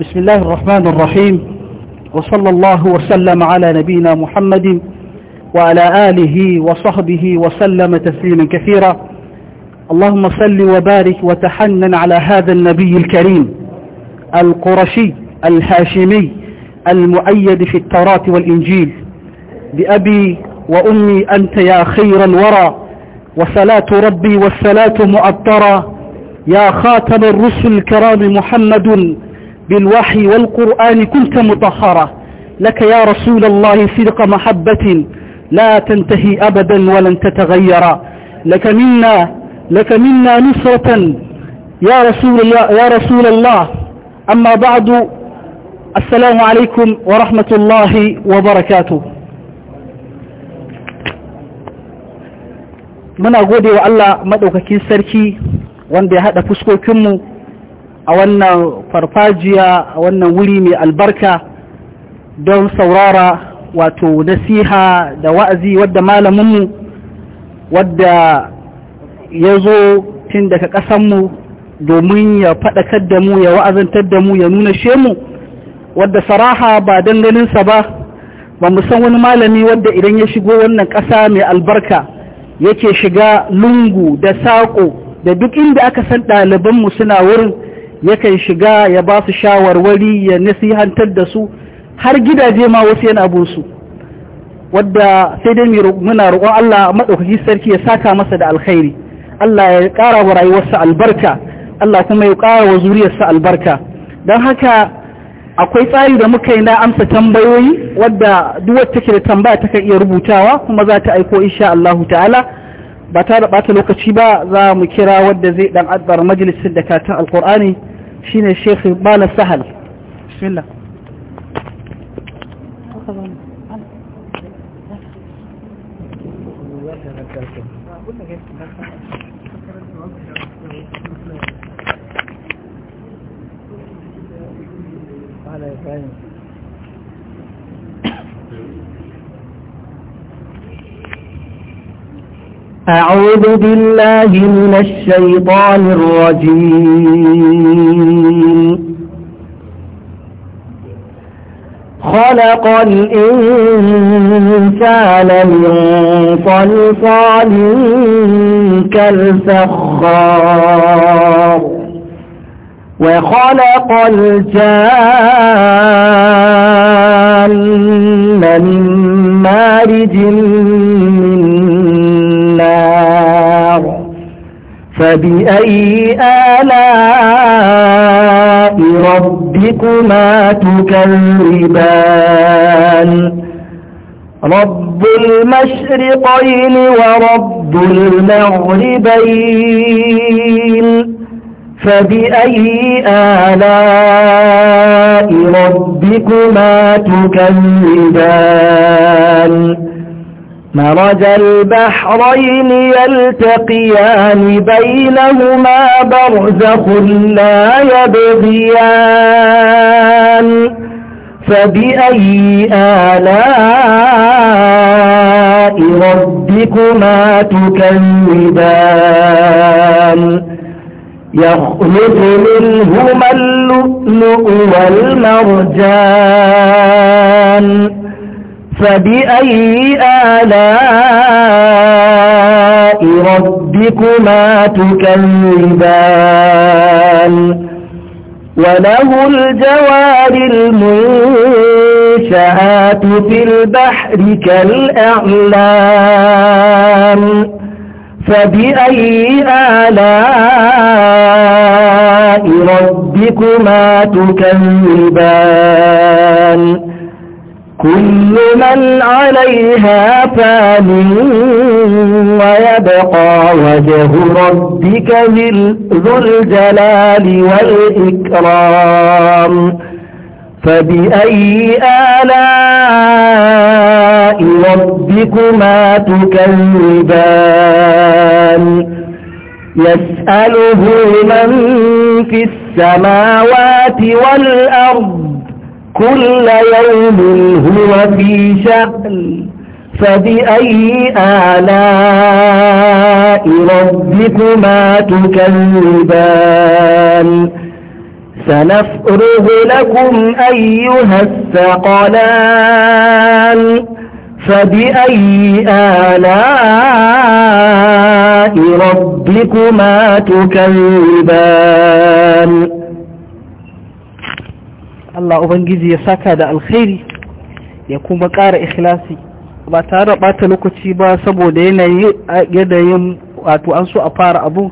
بسم الله الرحمن الرحيم وصلى الله وسلم على نبينا محمد وعلى آله وصحبه وسلم تسليما كثيرا اللهم صل وبارك وتحنن على هذا النبي الكريم القرشي الهاشمي المؤيد في التوراة والإنجيل بأبي وأمي أنت يا خير الورى وصلاة ربي والصلاة مؤطرة يا خاتم الرسل الكرام محمد بالوحي والقرآن كنت مطهرة لك يا رسول الله صدق محبة لا تنتهي أبدا ولن تتغير لك منا لك منا نصرة يا رسول الله يا رسول الله أما بعد السلام عليكم ورحمة الله وبركاته muna gode wa Allah maɗaukakin sarki wanda ya haɗa fuskokinmu a wannan farfajiya a wannan wuri mai albarka don saurara wato nasiha da wa'azi wadda malaminmu wadda ya zo tun daga ƙasanmu domin ya faɗakar da mu ya wa'azantar da mu ya nuna shemu wadda saraha ba ganinsa ba ba mu san wani malami wadda idan ya shigo wannan ƙasa mai albarka yake shiga lungu da saƙo da duk inda aka san ɗalibanmu suna wurin yakan shiga ya ba su shawarwari ya nasihantar da su har gidaje ma wasu yana abunsu wadda sai dai muna roƙon Allah maɗaukaki sarki ya saka masa da alkhairi Allah ya ƙara wa rayuwarsa albarka Allah kuma ya ƙara wa zuriyarsa albarka don haka akwai tsari da muka yi na amsa tambayoyi wadda duk wacce take da tambaya ta kan iya rubutawa kuma za ta aiko insha Allahu ta'ala ba ta da bata lokaci ba za mu kira wadda zai dan adbar majalisin da katon alkur'ani shine Sheikh Bala Sahal bismillah على إبراهيم أعوذ بالله من الشيطان الرجيم خلق الإنسان من صلصال كالفخار وخلق الجان من مارج من نار فبأي آلاء ربكما تكذبان رب المشرقين ورب المغربين فبأي آلاء ربكما تكذبان مرج البحرين يلتقيان بينهما برزخ لا يبغيان فبأي آلاء ربكما تكذبان يخلق منهما اللؤلؤ والمرجان فبأي آلاء ربكما تكذبان وله الجوار المنشآت في البحر كالأعلام فبأي آلاء ربكما تكذبان كل من عليها فان ويبقى وجه ربك ذو الجلال والإكرام فبأي آلاء ربكما تكذبان يسأله من في السماوات والأرض كل يوم هو في شأن فبأي آلاء ربكما تكذبان سنفرغ لكم أيها الثقلان فبأي آلاء الله ربكما تكذبان Allah Ubangiji ya saka da alkhairi ya kuma ƙara ikhlasi ba tare da lokaci ba saboda yanayi yin wato an so a fara abu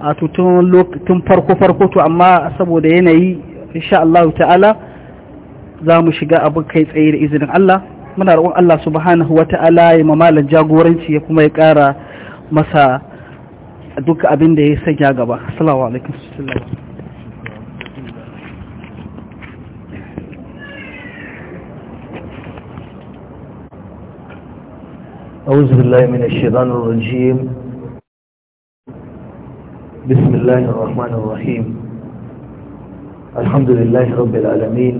a tun farko farko to amma saboda yanayi insha Allah ta'ala za mu shiga abin kai tsaye da izinin Allah muna roƙon Allah subhanahu wa ta'ala ya jagoranci ya kuma ya ƙara masa duk abin da ya sanya gaba salamu alaikum أعوذ بالله من الشيطان الرجيم بسم الله الرحمن الرحيم الحمد لله رب العالمين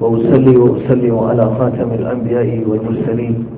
وأسلي وأسلم على خاتم الأنبياء والمرسلين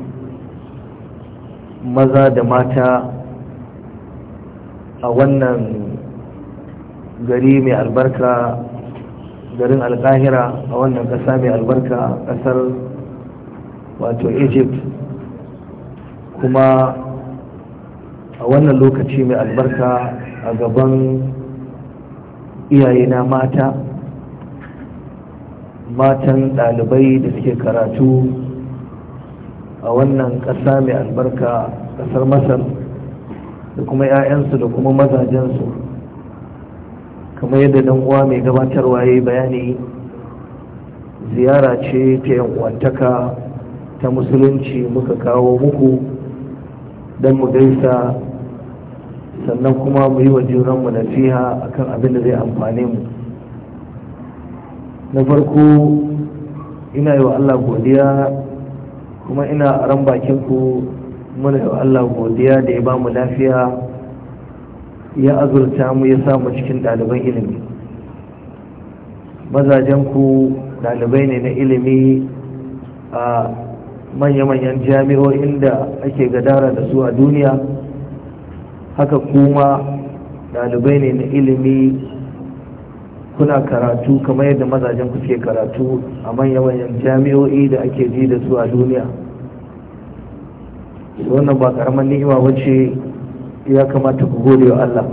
maza da mata a wannan gari mai albarka garin alkahira a wannan ƙasa mai albarka ƙasar wato egypt kuma a wannan lokaci mai albarka a gaban iyayena mata matan ɗalibai da suke karatu a wannan ƙasa mai albarka ƙasar masar da kuma 'ya'yansu da kuma mazajensu kamar yadda dan uwa mai gabatarwa ya bayani ziyara ce ta yankwantaka ta musulunci muka kawo muku don mu gaisa sannan kuma mu yi wa junanmu a kan abin da zai amfane mu na farko ina yi wa allah godiya kuma ina aron ran bakin ku muna yi Allah godiya da ya bamu lafiya ya azurta mu ya samu cikin ɗaliban ilimi mazajen ku ɗalibai ne na ilimi a manya-manyan jami'o'in da ake gadara da su a duniya haka kuma ɗalibai ne na ilimi kuna karatu kamar yadda mazajen ku ke karatu a manyan jami'o'i da ake ji da su a duniya wannan ba karamar ni'ima wacce ya kamata ku gode wa Allah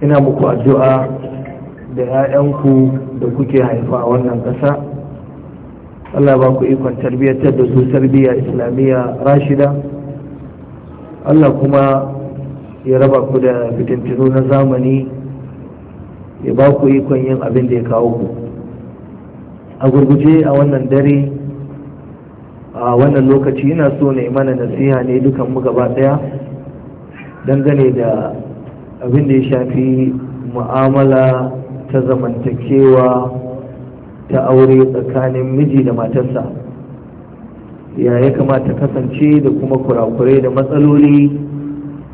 ina muku addu'a da 'ya'yanku da kuke haifa a wannan ƙasa Allah ba ku ikon tarbiyyar da su tarbiyya islamiyya rashida Allah kuma ya raba ku da fitintinu na zamani ya ba ku ikon yin abin da ya kawo ku a gurguje a wannan dare a wannan lokaci ina so na mana nasiha ne dukan mu gaba daya dangane da abin da ya shafi mu'amala ta zamantakewa ta aure tsakanin miji da matarsa ya ya kamata kasance da kuma kurakurai da matsaloli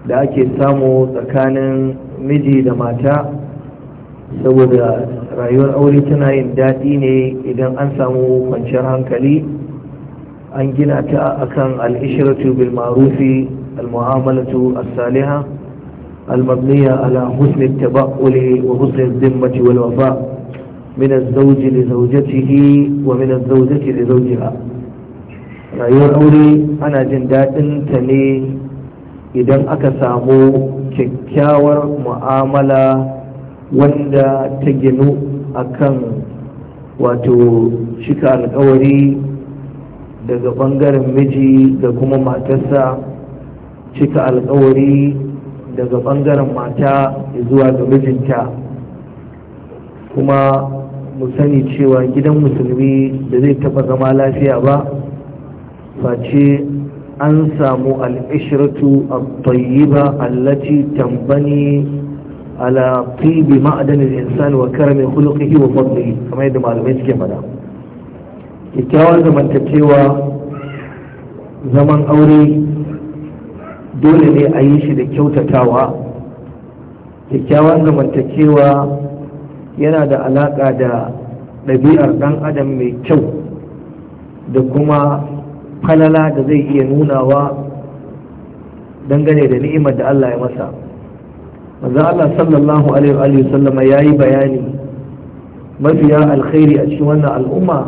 da ake samu tsakanin miji da mata saboda rayuwar aure tana yin daɗi ne idan an samu kwanciyar hankali an gina ta kan al'ishiratu bil ma'rufi al-mu'amalatu as-saliha al-mabniya ala husni at-tabaqqul wa Husni ad-dimmati wal wafa min az-zawj li zawjatihi wa min az-zawjati li zawjiha rayuwar aure ana jin daɗin ta ne idan aka samu kyakkyawar mu'amala wanda ta ginu akan wato cika alkawari daga bangaren miji da kuma matarsa cika alkawari daga bangaren mata zuwa ga mijinta kuma mu sani cewa gidan musulmi da zai taba zama lafiya ba face an samu al'ishiratu a tayyiba allati tambani ala ma'adanan ma'adanin insani wa karamin hulukihi wa fadlihi kamar yadda malamai suke faɗa kyakkyawar zamantakewa zaman aure dole ne a yi shi da kyautatawa kyakkyawar zamantakewa yana da alaƙa da ɗabi'ar ɗan adam mai kyau da kuma falala da zai iya nunawa dangane da ni'imar da Allah ya masa manzon Allah sallallahu alaihi wa sallama yayi bayani mafiya alkhairi a cikin wannan al'umma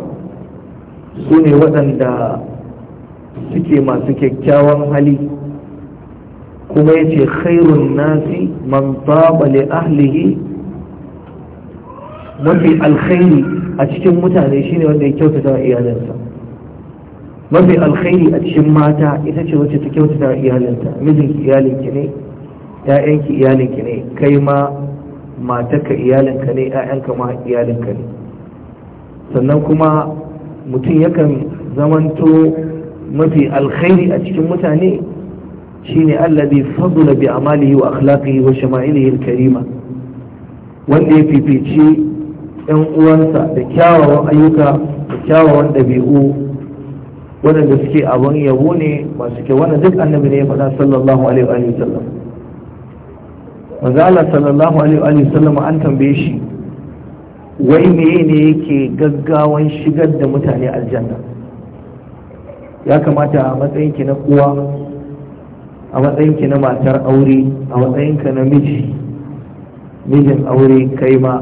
su ne waɗanda suke masu kyakkyawan hali kuma ya ce khairun nasi man taba li ahlihi mafi alkhairi a cikin mutane shine wanda ya kyautata iyalinsa mafi alkhairi a cikin mata ita ce wacce ta kyautata iyalinta mijinki iyalinki ne 'ya'yanki iyalinki ne kai ma matarka iyalinka ne 'ya'yanka ma iyalinka ne sannan kuma mutum yakan zamanto mafi alkhairi a cikin mutane shine allazi fadula bi amalihi wa akhlaqihi wa shama'ilihi karima wanda ya fifici yan uwansa da kyawawan ayyuka da kyawawan dabi'u waɗanda suke abun yabo ne masu kyau wanda duk annabi ne ya faɗa sallallahu alaihi wa sallam manzo Allah sallallahu alaihi wa sallam an tambaye shi wai meye ne yake gaggawan shigar da mutane aljanna ya kamata a matsayin ki na uwa a matsayin ki na matar aure a matsayin ka na miji mijin aure kai ma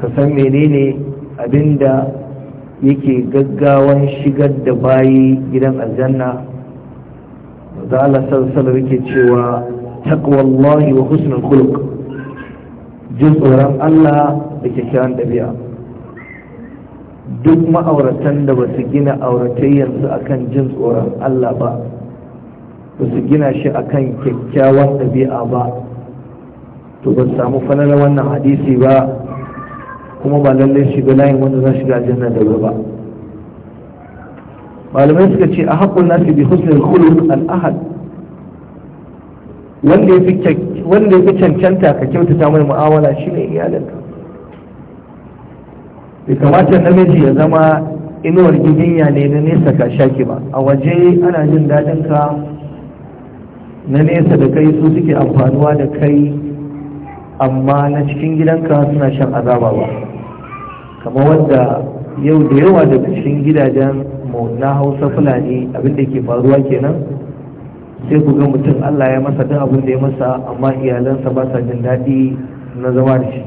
ka san menene abinda yake gaggawan shigar da bayi gidan aljanna da Allah sallallahu yake cewa taqwa Allah wa husnul khuluq jin tsoron Allah da kyakkyawan duk ma'auratan da ba su gina auratayyarsu akan jin tsoron Allah ba ba su gina shi akan kyakkyawan dabi'a ba to ba samu falalar wannan hadisi ba kuma ba lallai shiga layin wanda za shiga aljanna da ba malamai suka ce a haƙƙun nasi bi husnul khuluq al ahad wanda ya fi cancanta ka kyautata mai shi shine iyalinka bai kamata namiji ya zama inuwar gidinya ne na nesa ka shaki ba a waje ana jin daɗin ka na nesa da kai su suke amfanuwa da kai amma na cikin gidanka suna shan azaba ba kamar wanda yau da yawa daga cikin gidajen mu na hausa fulani abinda ke faruwa kenan sai ku ga mutum Allah ya masa duk abin da ya masa amma iyalansa ba sa jin daɗi na zama da shi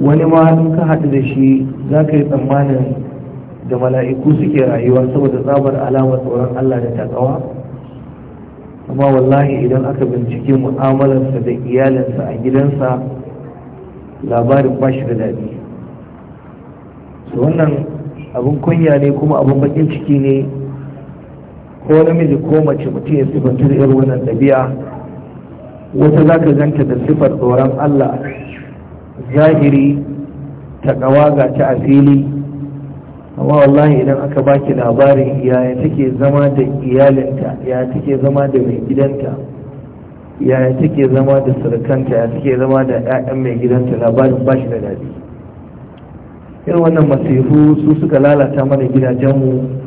wani ma in ka haɗu da shi za ka yi tsammanin da mala'iku suke rayuwa saboda tsabar alamar tsoron Allah da takawa amma wallahi idan aka binciki mu'amalarsa da iyalinsa a gidansa labarin ba shi da daɗi wannan abin kunya ne kuma abin bakin ciki ne ko namiji ko mace mutum ya sifanta da irin wannan ɗabi'a wata za ka ganta da sifar tsoron Allah zahiri ta ga ta a amma wallahi idan aka baki labarin yaya take zama da iyalinta yaya take zama da mai gidanta yaya take zama da surukanta yaya take zama da 'ya'yan mai gidanta labarin ba shi da daɗi irin wannan masifu su suka lalata mana gidajenmu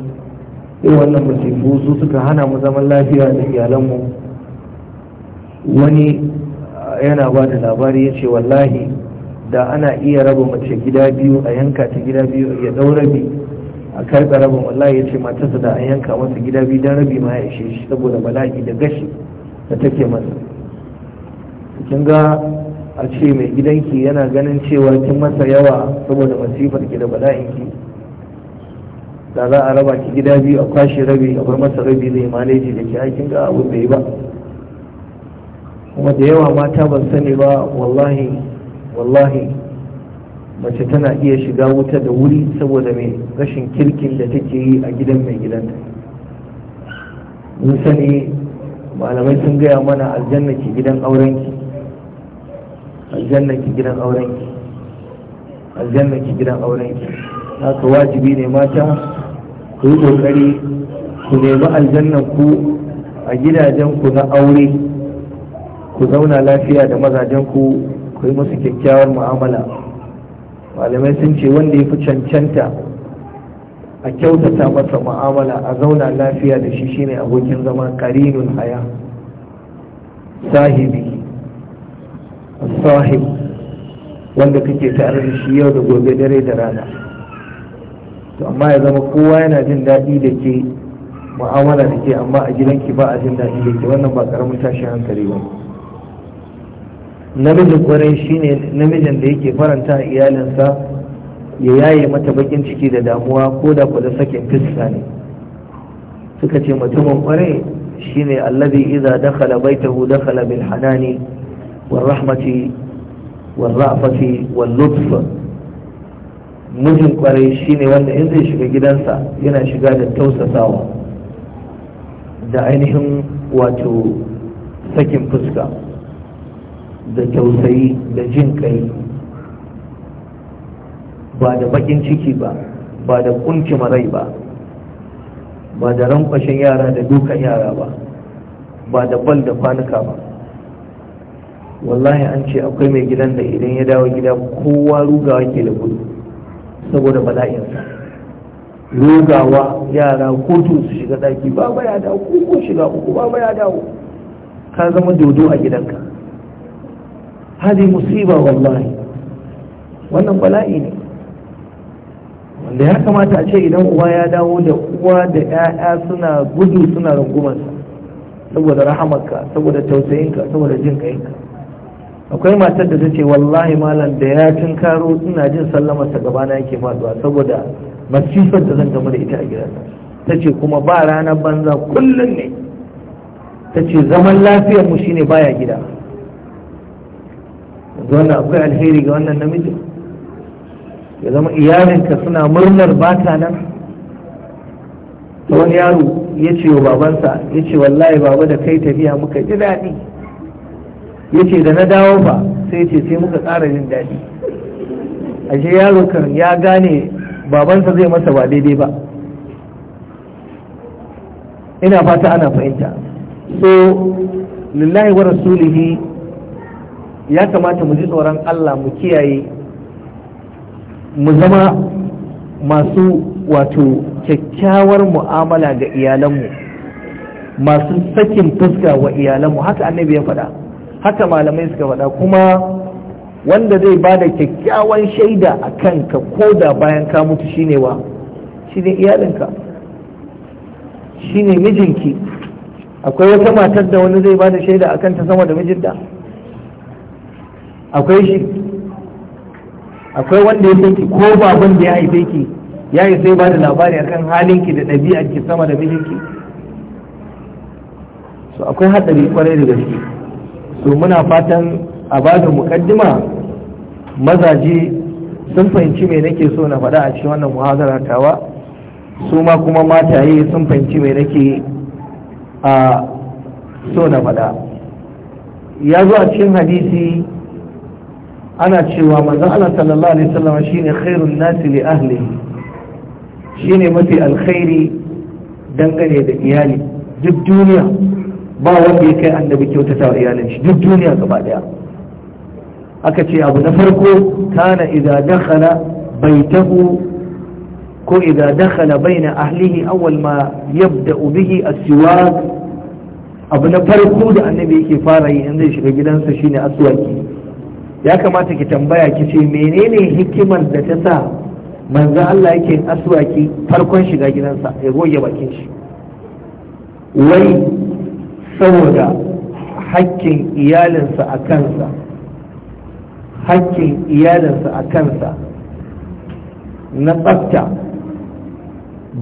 sai wannan masifu su suka hana mu zaman lafiya da iyalanmu wani ah, yana ba da labari ya ce wallahi da ana iya raba mace gida biyu a yanka ta gida biyu ya dau rabi a karɓe rabin wallahi ya ce matarsa da an yanka masa gida biyu don rabi ma ya ishe shi saboda bala'i da gashi da take masa kin ga a ce mai gidanki yana ganin cewa kin masa yawa saboda masifar ki da bala'in ki. da za a raba ki gida biyu a kwashe rabi a bar masa rabi zai maleji da ke aikin ga abin bai ba kuma da yawa mata ban sani ba wallahi wallahi mace tana iya shiga wuta da wuri saboda mai rashin kirkin da take yi a gidan mai gidanta mun sani malamai sun gaya mana aljanna ki gidan ki aljanna ki gidan ki aljanna ki gidan aurenki haka wajibi ne mata ku yi kokari ku nemi aljannan ku a gidajen ku na aure ku zauna lafiya da mazajen ku ku yi musu kyakkyawar mu'amala malamai sun ce wanda ya fi cancanta a kyautata masa mu'amala a zauna lafiya da shi shine abokin zama karinun haya sahibi sahib wanda kake tare da shi yau da gobe dare da rana to amma ya zama kowa yana jin daɗi da ke mu'amala da ke amma a gidanki ba a jin daɗi da ke wannan ba karamin tashin hankali ba namijin kwarai shine namijin da yake faranta a iyalinsa ya yaye mata bakin ciki da damuwa ko da kwada sakin fiska ne suka ce mutumin kwarai shine allazi idza dakhala baitahu dakhala bil hanani wal rahmati wal ra'fati wal lutf mijin kwarai shine wanda in zai shiga gidansa yana shiga da tausasawa da ainihin wato sakin fuska da tausayi da jin kai ba da bakin ciki ba ba da kunci marai ba ba da rankwashin yara da dukan yara ba ba da bal da kwanuka ba wallahi an ce akwai mai gidan da idan ya dawo gida kowa rugawa ke da gudu saboda bala'insa Lugawa yara kotu su shiga daki baba ya dawo ko shiga uku baba ya dawo ka zama dodo a gidanka hadi musiba wallahi wannan bala'i ne wanda ya kamata a ce idan uwa ya dawo da uwa da 'ya'ya suna gudu suna rungumansa saboda rahamarka saboda tausayinka saboda jin kayinka akwai matar da ta ce wallahi malam da ya tun karo ina jin sallamarsa na yake faduwa saboda masifar da zan gama da ita a gidansa ta ce kuma ba ranar banza kullum ne ta ce zaman lafiyar mu shine baya gida wannan akwai alheri ga wannan namiji ya zama iyalinka suna murnar bata nan wani yaro ya ce wa babansa ya ce wallahi baba da kai tafiya muka ji daɗi yace da na dawo ba sai ce sai muka ƙara yin daɗi ashe yaro kan ya gane babansa zai masa ba daidai ba ina fata ana fahimta so lillahi wa rasulihi ya kamata mu ji tsoron Allah mu kiyaye mu zama masu wato kyakkyawar mu'amala ga iyalanmu masu sakin fuska wa iyalanmu haka annabi ya faɗa haka malamai suka faɗa kuma wanda zai ba da kyakkyawan shaida a kanka ko da bayan ka mutu shine wa shine iyalinka shine mijinki akwai wata matar da wani zai ba da shaida a kanta sama da mijinta akwai shi akwai wanda ya ki ko baban da ya haife ki ya yi sai ba da labari akan halinki da ɗabi'arki sama da mijinki so akwai haɗari kwarai da gaske to muna fatan a bada mukaddima mazaje sun fahimci me nake so na faɗa a cikin wannan muhazara tawa su ma kuma mataye sun fahimci me nake a so na faɗa ya zo a cikin hadisi ana cewa maza Allah sallallahu alaihi wasallam shine khairun nasi li shi shine mafi alkhairi dangane da iyali duk duniya ba wanda ya kai annabi kyautata wa iyalin shi duk duniya gaba daya aka ce abu na farko kana idza dakhala baitahu ko idza dakhala bayna ahlihi awwal ma yabda bihi as-siwak abu na farko da annabi yake fara yi in zai shiga gidansa shine aswaki ya kamata ki tambaya ki ce menene hikimar da ta sa manzo Allah yake aswaki farkon shiga gidansa ya goge bakin shi wai saboda hakkin iyalinsa a kansa hakkin iyalinsa a kansa na tsafta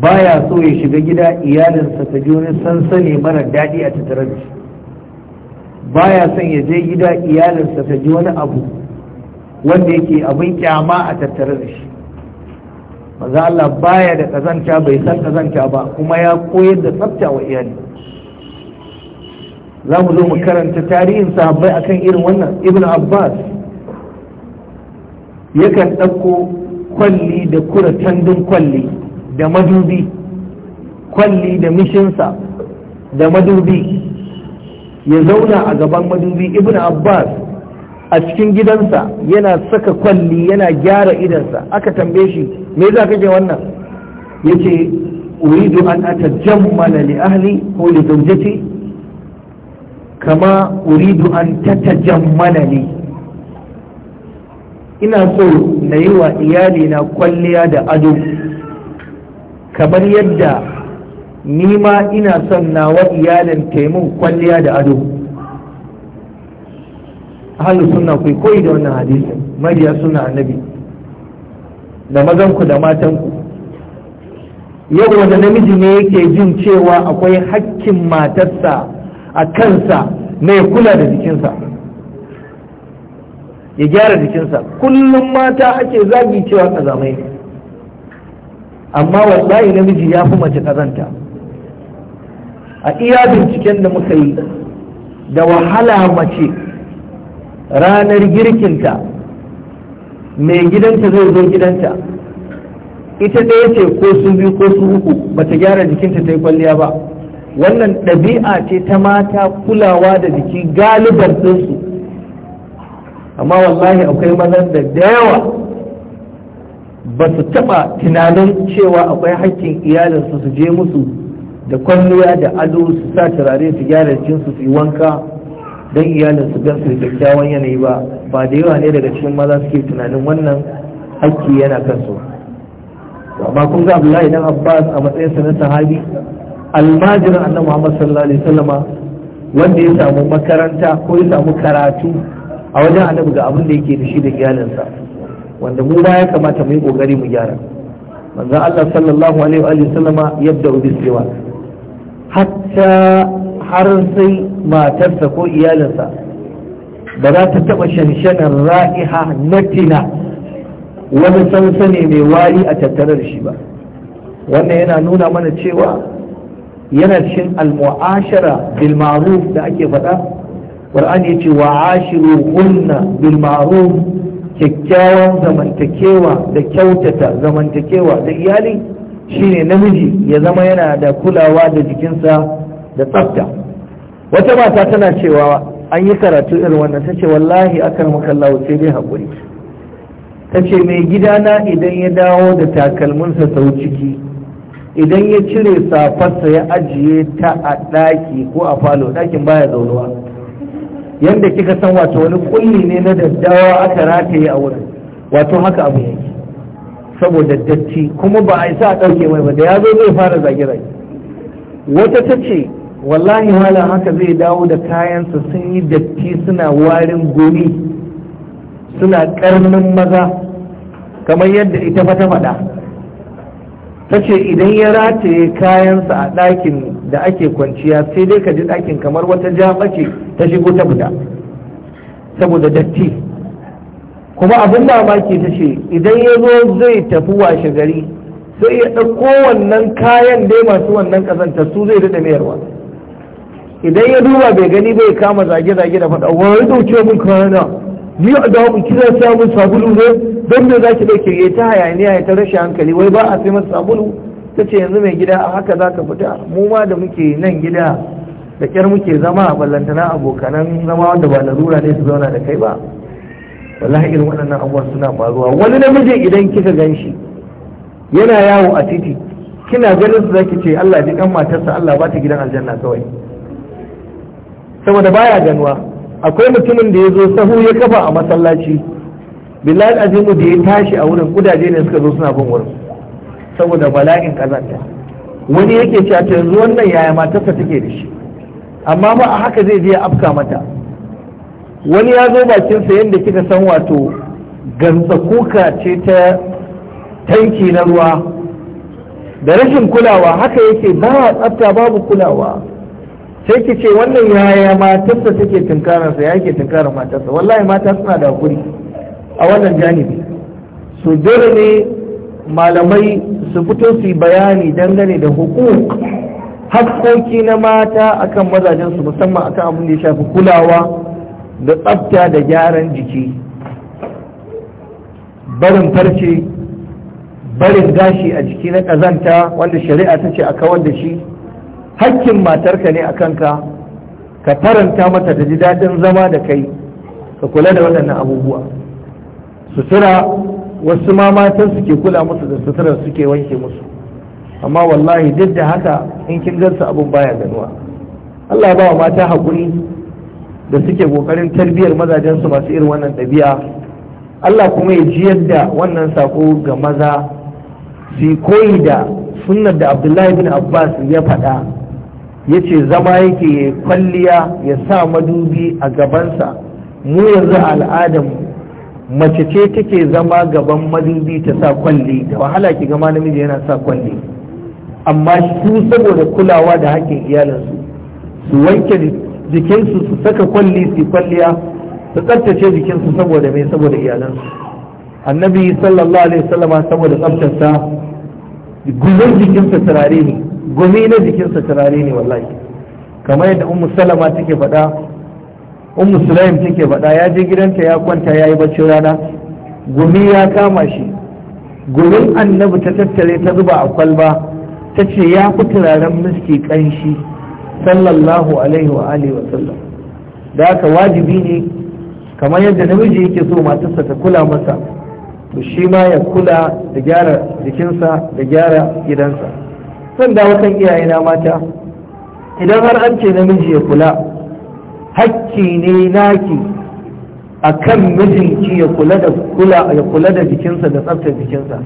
baya so ya shiga gida iyalinsa ta ji wani sansani mara daɗi a tattare da shi baya son ya je gida iyalinsa ta ji wani abu wanda yake abin kyama a tattare da shi maza Allah baya da kazanta bai san kazanta ba kuma ya koyar da tsafta wa iyali za mu zo mu karanta tarihin sahabbai akan irin wannan ibn abbas yakan ɗauko kwalli da kura tandun kwalli da madubi kwalli da mishinsa da madubi ya zauna a gaban madubi ibn abbas a cikin gidansa yana saka kwalli yana gyara idansa aka tambaye shi me za ka je wannan ya ce uridu an jammala li ahli ko li zaujati kama uridu an tatajammala ne ina so na yi wa iyalina kwalliya da ado kamar yadda ni ma ina son na wa iyalin taimun kwalliya da ado ahalu suna kai koyi da wannan hadisin mariya suna annabi da mazanku da matanku yau wanda namiji ne yake jin cewa akwai hakkin matarsa a kansa Mai kula da jikinsa ya gyara jikinsa kullum mata ake zagi cewa kazamai ne amma wallahi namiji ya fi mace kazanta a iya binciken da muka yi da wahala mace ranar girkinta mai gidanta zai zo gidanta ita ɗaya ce ko su biyu ko su uku bata gyara jikinta ta yi kwalliya ba wannan ɗabi'a ce ta mata kulawa da jiki galibar ɗinsu amma wallahi akwai mazan da dayawa yawa ba su taɓa tunanin cewa akwai haƙƙin iyalinsu su je musu da kwalliya da ado su sa turare su gyara jinsu su yi wanka don iyalinsu don su kyakkyawan yanayi ba ba da yawa ne daga cikin maza suke tunanin wannan haƙƙi yana kansu amma kun ga abdullahi dan abbas a matsayinsa na sahabi almajirin annabi Muhammad sallallahu alaihi wasallama wanda ya samu makaranta ko ya samu karatu a wajen annabi ga abin da yake da shi da iyalinsa wanda mu ba ya kamata mu yi kokari mu gyara manzon Allah sallallahu alaihi wa sallama yadda ubi hatta har sai matarsa ko iyalinsa ba za ta taba shanshanan ra'iha natina wani sansani mai wari a tattare shi ba wannan yana nuna mana cewa yana cikin al-mu'ashara bil ma'ruf da ake faɗa Qur'an ya ce wa ashiru kunna bil ma'ruf kyakkyawan zamantakewa da kyautata zamantakewa da iyali shine namiji ya zama yana da kulawa da jikinsa da tsafta wata mata tana cewa an yi karatu irin wannan ta ce wallahi akan makallawa sai dai haƙuri ta ce mai gidana idan ya dawo da takalminsa sau ciki idan ya cire safarsa ya ajiye ta a ɗaki ko a falo ɗakin baya zaunuwa yadda kika san wato wani kulli ne na daddawa aka rataye a wurin wato haka abu yake saboda datti kuma ba a yi a ɗauke mai ba da ya zo zai fara zage-zage wata ta ce wallahi hala haka zai dawo da kayansa sun yi datti suna warin gumi suna ƙarnin maza kamar yadda ita fata faɗa ta ce idan ya rataye kayansa a ɗakin da ake kwanciya sai dai ka ji ɗakin kamar wata jaba ce ta shigo ta fita saboda datti kuma abin da mamaki ta ce idan ya zo zai tafi washe gari sai ya ɗauko wannan kayan dai masu wannan ƙazanta su zai daɗa mayarwa idan ya duba bai gani bai kama zage-zage da faɗa wani dauke min kayana ni a da kira samun sabulu ne don me za ki da ke eh, ta hayaniya ya ta rashin hankali wai ba a sai masa sabulu ta ce yanzu mai gida a haka za ka fita mu ma da muke nan gida da kyar muke zama a ballantana abokanan zama wanda ba larura ne su zauna da kai ba wallahi irin waɗannan abubuwan suna faruwa wani namiji idan kika gan shi yana yawo a titi kina ganin su zaki ce Allah ji kan matarsa Allah ba ta gidan aljanna kawai saboda baya ganuwa akwai mutumin da ya zo sahu ya kafa a masallaci billahi azimu da ya tashi a wurin kudaje ne suka zo suna bin wurin saboda bala'in kazanta wani yake cewa to yanzu wannan yaya matarsa take da shi amma ba a haka zai je ya afka mata wani ya zo bakin sa yanda kika san wato gantsa kuka ce ta tanki na ruwa da rashin kulawa haka yake ba tsafta babu kulawa sai ki ce wannan yaya matarsa take tunkararsa ya ke tunkarar matarsa wallahi mata suna da hakuri a wannan janibi su dole ne malamai su fito su bayani dangane da hukuk hakkoki na mata akan mazajensu musamman akan abin da ya shafi kulawa da tsafta da gyaran jiki barin farce barin gashi a jiki na ƙazanta wanda shari'a ta ce a kawar da shi hakkin matarka ne a kanka ka faranta mata da ji daɗin zama da kai ka kula da waɗannan abubuwa sutura wasu ma matan suke kula musu da sutura suke wanke musu amma wallahi duk da haka in kin gansu abin baya ganuwa Allah ba mata haƙuri da suke ƙoƙarin tarbiyyar mazajensu masu irin wannan ɗabi'a Allah kuma ya ji yadda wannan sako ga maza su koyi da sunnar da Abdullahi bin Abbas ya faɗa ya ce zama yake kwalliya ya sa madubi a gabansa mu yanzu mu. mace ce take zama gaban madubi ta sa kwalli da wahala ki gama namiji yana sa kwalli amma su saboda kulawa da haƙƙin iyalinsu su wanke jikinsu su saka kwalli su kwalliya su tsaftace jikinsu saboda mai saboda iyalansu annabi sallallahu alaihi wasallam saboda tsaftarsa gumin jikinsa turare ne gumi na jikinsa turare ne wallahi kamar yadda ummu salama take faɗa ummu sulaim take faɗa ya je gidanta ya kwanta ya yi baccin rana gumi ya kama shi gumin annabi ta tattare ta zuba a kwalba ta ce ya fi turaren miski ƙanshi sallallahu alaihi wa alihi wa sallam da haka wajibi ne kamar yadda namiji yake so matarsa ta kula masa to shi ma ya kula da gyara jikinsa da gyara gidansa zan dawo kan iyayena mata idan har an ce namiji ya kula hakki ne naki a kan mijinki ya kula da kula ya kula da jikinsa da tsaftar jikinsa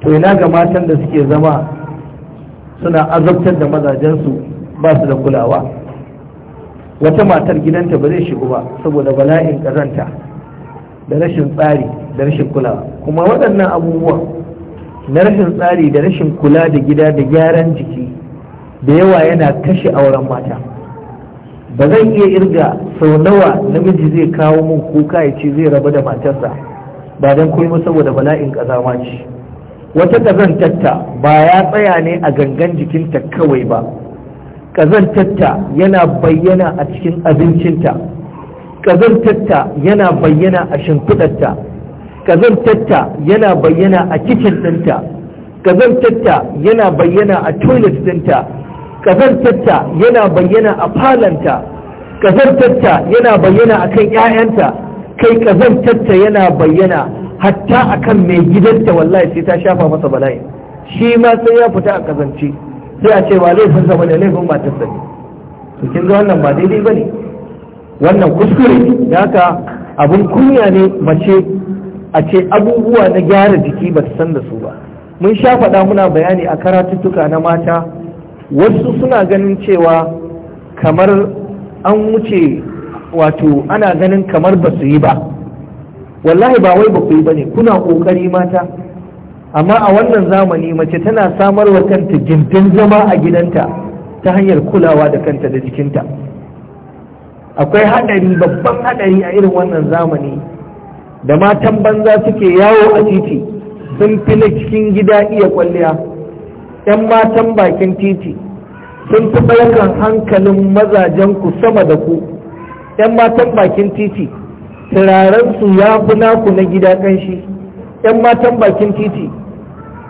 to ina ga matan da suke zama suna azabtar da mazajensu ba su da kulawa wata matar gidanta ba zai shigo ba saboda bala'in kazanta da rashin tsari da rashin kulawa kuma waɗannan abubuwan na rashin tsari da rashin kula da gida da gyaran jiki da yawa yana kashe auren mata ba zan iya irga sau nawa namiji zai kawo mun kuka ya ce zai rabu da matarsa ba don kuma saboda bala'in kazama ce wata kazantatta ba ya tsaya ne a gangan jikinta kawai ba kazantatta yana bayyana a cikin abincinta kazantatta yana bayyana a shimfiɗarta kazantatta yana bayyana a kicin ɗinta kazantatta yana bayyana a toilet ɗinta kazartarta yana bayyana a falanta kazartarta yana bayyana a kan 'ya'yanta kai kazartarta yana bayyana hatta a kan mai gidanta wallahi sai ta shafa masa bala'i shi ma sai ya fita a kazance sai a ce ba laifin sa bane laifin ta sani to kin ga wannan ba daidai ne wannan kuskure da haka abin kunya ne mace a ce abubuwa na gyara jiki ba ta san da su ba mun sha faɗa muna bayani a karatuttuka na mata wasu suna ganin cewa kamar an wuce wato ana ganin kamar ba su yi ba wallahi ba wai ba ku yi ba ne kuna ƙoƙari mata amma a wannan zamani mace tana samar wa kanta gindin zama a gidanta ta hanyar kulawa da kanta da jikinta akwai haɗari babban haɗari a irin wannan zamani da matan banza suke yawo a titi sun fi na cikin gida iya kwalliya 'yan matan bakin titi sun fi ɗaukar hankalin mazajen ku sama da ku 'yan matan bakin titi turarensu ya fi naku na gida ƙanshi 'yan matan bakin titi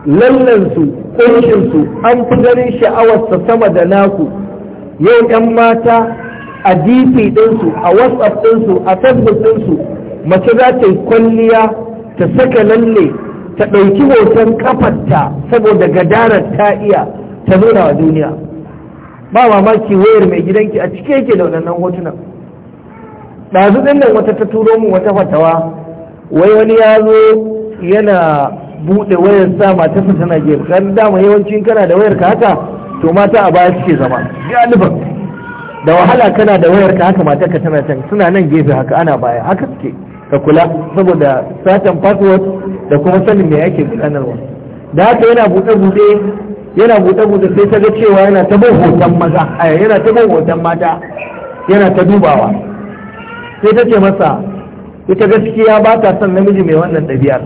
lallansu ƙunshinsu an fi ganin sha'awarsa sama da naku yau 'yan mata a dp ɗinsu a whatsapp ɗinsu a facebook ɗinsu mace za ta yi kwalliya ta saka lalle ta ɗauki hoton kafarta saboda gadarar ta iya ta nuna wa duniya ba mamaki wayar mai gidanki a cike yake da wannan hotunan ɗazu ɗin nan wata ta turo mu wata fatawa wai wani ya zo yana buɗe wayar sa matarsa tana ke kan dama yawancin kana da wayar ka haka to mata a baya suke zama galibin da wahala kana da wayar ka haka matarka tana can suna nan gefe haka ana baya haka suke ka kula saboda satan password da kuma sanin me yake sanarwa da haka yana buɗe buɗe yana buɗe buɗe sai ta ga cewa yana ta bin hoton maza yana ta bin hoton mata yana ta dubawa sai ta ce masa ita gaskiya ba ta son namiji mai wannan ɗabi'ar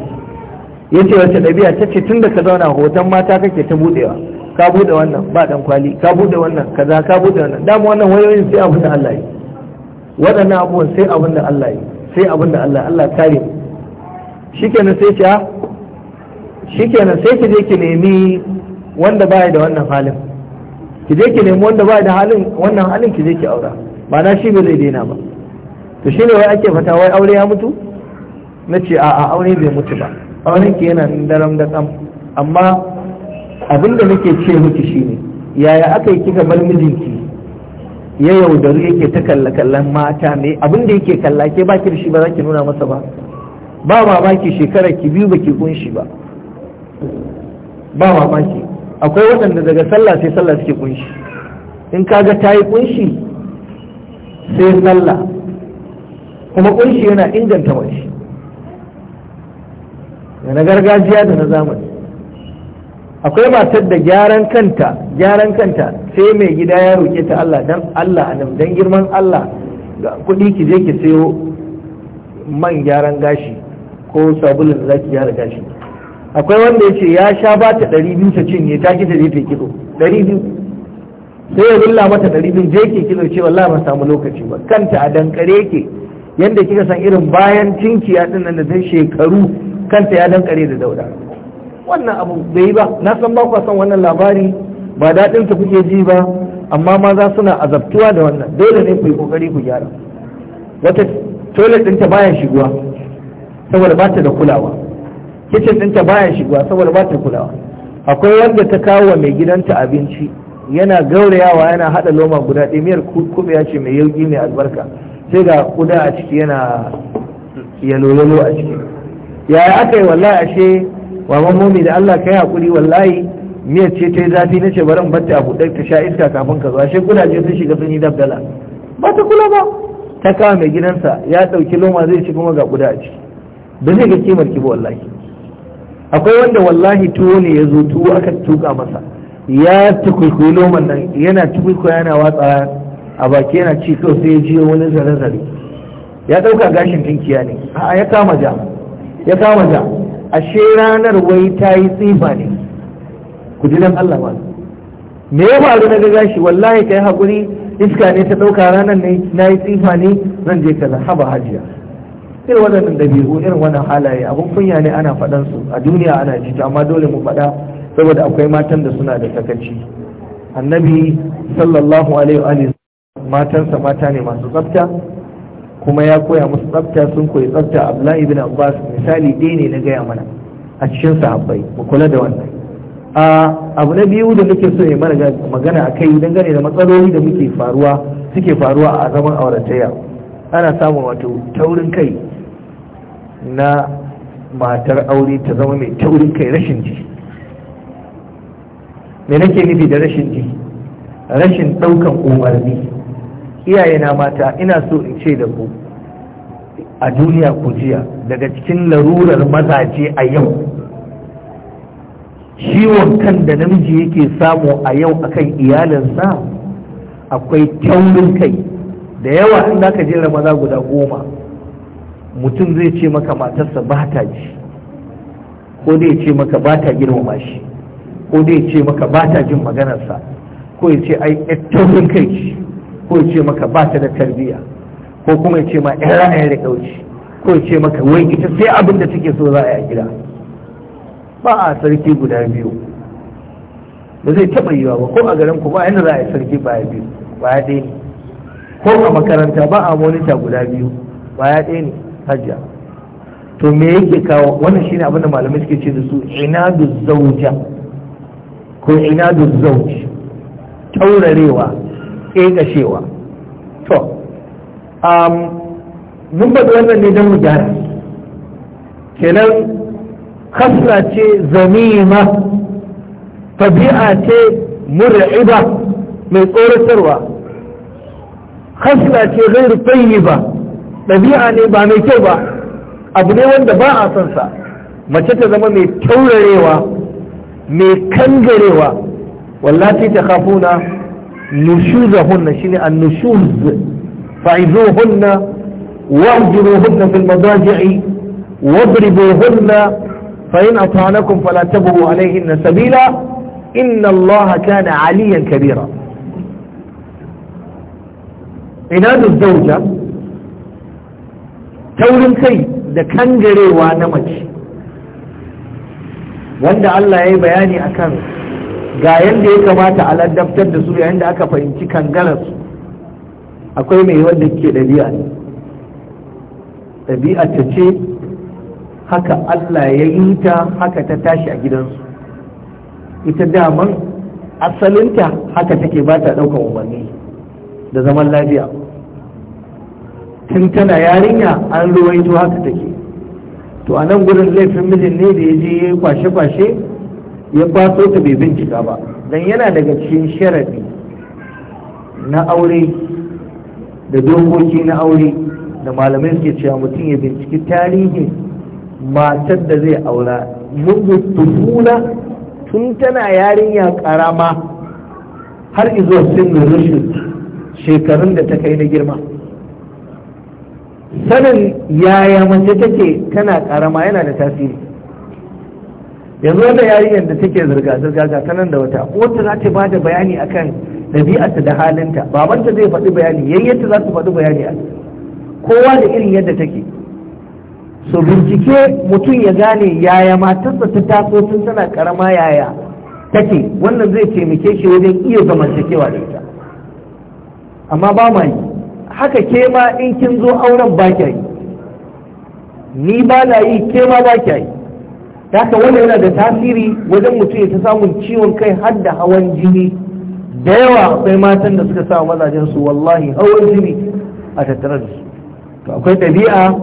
ya ce wace ɗabi'a ta ce tun da ka zauna hoton mata kake ta buɗewa ka buɗe wannan ba ɗan kwali ka buɗe wannan kaza ka buɗe wannan dama wannan wayoyin sai abin da Allah yi waɗannan abubuwan sai abin da Allah yi sai abin da Allah Allah kare mu shikenan sai ki shikenan sai ki je ki nemi wanda baya da wannan halin ki je ki nemi wanda baya da halin wannan halin ki je ki aura ba na shi ba zai daina ba to shine wai ake fata wai aure ya mutu na ce a'a aure bai mutu ba auren ki yana daram da kam amma abin da nake ce miki shine yaya aka yi kika bar mijinki ya yaudaru yake ta kalla kallon mata ne abin da yake kalla ke ba ki da shi ba za ki nuna masa ba ba mamaki shekara ki biyu ba ki kunshi ba ba mamaki akwai waɗanda daga sallah sai sallah suke kunshi in kaga ta yi kunshi sai sallah kuma kunshi yana inganta wani na gargajiya da na zamani akwai matar da gyaran kanta gyaran kanta sai mai gida ya roƙe ta Allah dan Allah dan girman Allah ga kuɗi ki je ki sayo man gyaran gashi ko sabulun da zaki gyara gashi akwai wanda ya ce ya sha ba ta ɗari biyu ta cinye ta ki ta jefe kilo ɗari biyu sai ya rulla mata ɗari biyu je ki kilo ce wallahi ban samu lokaci ba kanta a dankare ke yadda kika san irin bayan cinkiya ɗin nan da shekaru kanta ya dankare da dauda wannan abu bai ba na san ba ku san wannan labari ba daɗin ta kuke ji ba amma maza suna azabtuwa da wannan dole ne ku yi kokari ku gyara wata toilet ɗinta baya shigowa saboda ba ta da kulawa kitchen ɗinta baya shigowa saboda ba ta kulawa akwai wanda ta kawo wa mai gidanta abinci yana gaurayawa yana haɗa loma guda ɗaya miyar kubewa ce mai yauki mai albarka sai ga kuda a ciki yana yalo a ciki yaya aka yi wallahi ashe wa mammomi da Allah ka yi haƙuri wallahi miyar ce ta yi zafi na ce baran batta abu buɗe ta sha iska kafin ka zo ashe kudaje sun shiga sun yi dabdala ba ta kula ba ta kawo mai gidansa ya ɗauki loma zai ci kuma ga kuda a ciki ba zai ga kimar ki ba wallahi akwai wanda wallahi tuwo ne ya zo tuwo aka tuka masa ya tukuku loman nan yana tukuku yana watsa a baki yana ci kawai sai ya ji wani zare-zare ya ɗauka gashin tinkiya ne a ya kama ja ya kama ja ashe ranar wai ta yi tsifa ne ku ji nan Allah ba me ya faru na gaga shi wallahi kai hakuri iska ne ta ɗauka ranar ne na yi tsifa ne zan je kaza haba hajiya irin waɗannan ɗabi'u irin wannan halaye Abun kunya ne ana faɗansu. su a duniya ana ji amma dole mu faɗa saboda akwai matan da suna da sakaci annabi sallallahu alaihi wa matansa mata ne masu tsafta kuma ya koya musu tsafta sun koyi tsafta abdullahi bin abbas misali ɗaya ne na gaya mana a cikin sahabbai mu kula da wannan a abu na biyu da muke so ya magana a kai dangane da matsaloli da muke faruwa suke faruwa a zaman auratayya ana samun wato taurin kai na matar aure ta zama mai taurin kai rashin ji me nake nufi da rashin ji rashin ɗaukan umarni iyayena mata ina so in ce da ku a duniya ku jiya daga cikin larurar mazaje a yau ciwon kan da namiji yake samu a yau akan iyalinsa akwai taurin kai da yawa in ka jera maza guda goma mutum zai ce maka matarsa ba ta ji ko dai ce maka ba ta girmama shi ko dai ce maka ba ta jin maganarsa ko ya ce ai taurin kai ce ko ya ce maka ba ta da tarbiyya ko kuma ya ce ma yan ra'ayin da kauci ko ya ce maka wai ita sai abin da take so za a yi a gida ba a sarki guda biyu ba zai taɓa yiwa ba ko a garin ku ba yadda za a yi sarki ba biyu ba ya ɗaya ne ko a makaranta ba a monita guda biyu ba ya ɗaya ne hajja to me yake kawo wannan shine abin da malamai suke ce da su da zauja ko da zauj taurarewa ƙeƙashewa to um, mun faɗi wannan ne don mu gyara kenan kasra ce zamima tabi'a ce mur'iba mai tsoratarwa kasra ce ghairu ba ɗabi'a ne ba mai kyau ba abu ne wanda ba a son sa mace ta zama mai taurarewa mai kangarewa wallafi ta kafuna نشوزهن شنو النشوز فعذوهن واهجروهن في المضاجع واضربوهن فإن أطعنكم فلا تبغوا عليهن سبيلا إن الله كان عليا كبيرا عناد الزوجة تول كي da كان جري mace wanda Allah ya yi ga yadda ya kamata a ladabtar da su yayin da aka fahimci kangarar su akwai mai wanda ke ɗabi'a ɗabi'a ta ce haka Allah ya yi ta haka ta tashi a gidansu ita daman asalinta haka take ba ta ɗaukar umarni da zaman lafiya tun tana yarinya an ruwaito haka take to a nan gurin laifin mijin ne da ya je ya kwashe-kwashe ya kwaso ta bai bincika ba dan yana daga cikin sharadi na aure da dokoki na aure da malamai suke cewa mutum ya binciki tarihin matar da zai aura mundu tufula tun tana yarinya karama har izuwa sinin rushin shekarun da ta kai na girma sanin yaya mace take tana karama yana da tasiri yanzu wata yarinyar da take zirga zirga ga tanan da wata ta za ta bada bayani akan ɗabi'arta da halinta babanta zai faɗi bayani yadda za su faɗi bayani a kowa da irin yadda take so bincike mutum ya gane yaya matarsa ta taso tun tana karama yaya take wannan zai taimake shi wajen iya zamantakewa da ita amma ba ma yi haka ke ma in kin zo auren ba yi ni ba na yi ke ma ba yi haka wannan yana da tasiri wajen mutum ya ta samun ciwon kai har da hawan jini da yawa akwai matan da suka sa mazajen su wallahi hawan jini a tattare da su to akwai ɗabi'a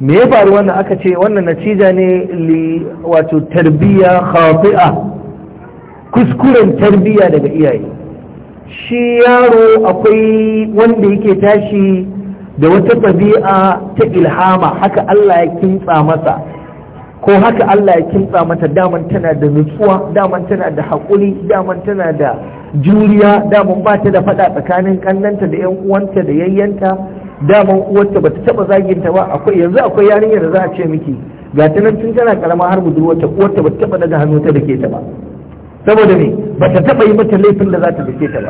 me ya faru wannan aka ce wannan natija ne li wato tarbiyya khati'a kuskuren tarbiyya daga iyaye shi yaro akwai wanda yake tashi da wata ɗabi'a ta ilhama haka Allah ya kintsa masa ko haka Allah ya kimtsa mata daman tana da nutsuwa daman tana da haƙuri daman tana da juriya daman ba ta da faɗa tsakanin ƙannanta da yan uwanta da yayyanta daman uwarta bata taɓa zaginta ba akwai yanzu akwai yarinya da za a ce miki ga ta nan tun tana karama har budurwarta uwarta bata taɓa daga hannu ta dake ta ba saboda me bata taba yi mata laifin da za ta dake ta ba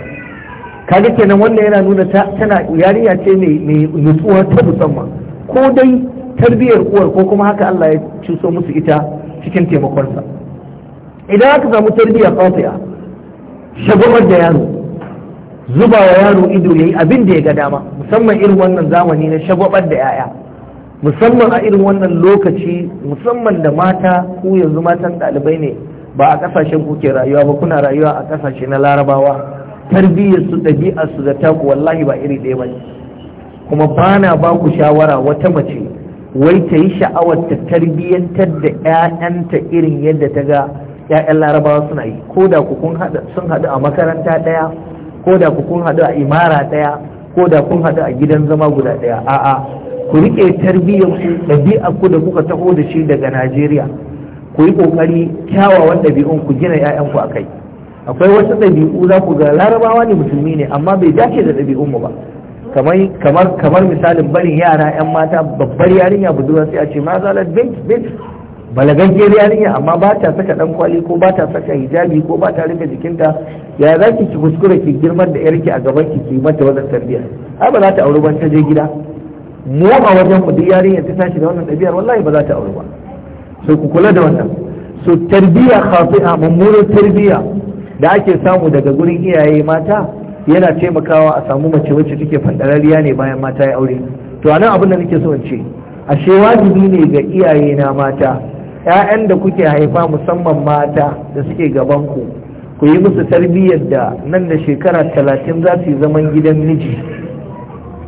kaga kenan wannan yana nuna tana yarinya ce mai nutsuwa ta musamman ko dai tarbiyar uwar ko kuma haka Allah ya cuso musu ita cikin taimakonsa idan aka samu tarbiyya fatiya shagwamar da yaro zuba wa yaro ido yayi abin da ya ga dama musamman irin wannan zamani na shagwabar da yaya musamman a irin wannan lokaci musamman da mata ku yanzu matan ɗalibai ne ba a ƙasashen kuke rayuwa ba kuna rayuwa a ƙasashe na larabawa tarbiyyar su ɗabi'ar su da taku wallahi ba iri ɗaya ba kuma bana baku ba ku shawara wata mace wai ta yi sha'awar ta tarbiyyantar da 'ya'yanta irin yadda ta ga 'ya'yan larabawa suna yi ko da ku sun haɗu a makaranta ɗaya ko da ku kun haɗu a imara ɗaya ko da kun haɗu a gidan zama guda ɗaya a'a ku riƙe tarbiyyar ku ɗabi'a ku da kuka taho da shi daga najeriya ku yi ƙoƙari kyawawan ɗabi'un ku gina 'ya'yanku ku akai akwai wasu ɗabi'u za ku ga larabawa ne musulmi ne amma bai dace da ɗabi'unmu ba kamar kamar misalin barin yara yan mata babbar yarinya budurwa sai a ce ma zalat bint bint balagaggiyar yarinya amma ba ta saka dan kwali ko ba ta saka hijabi ko ba ta rufe jikinta ya za ki kuskure ki girman da yarki a gaban ki ki mata wannan tarbiyya ai ba za ta auri ba ta je gida mu a wajen mu duk yarinya ta tashi da wannan ɗabi'ar wallahi ba za ta auri ba so ku kula da wannan so tarbiyya khati'a mummunar tarbiyya da ake samu daga gurin iyaye mata yana taimakawa a samu mace wacce take fandarariya ne bayan mata ya aure to nan abin da nake so in ce ashe wajibi ne ga iyaye na mata ƴaƴan da kuke haifa musamman mata da suke gaban ku ku yi musu tarbiyyar da nan da shekara talatin za su yi zaman gidan miji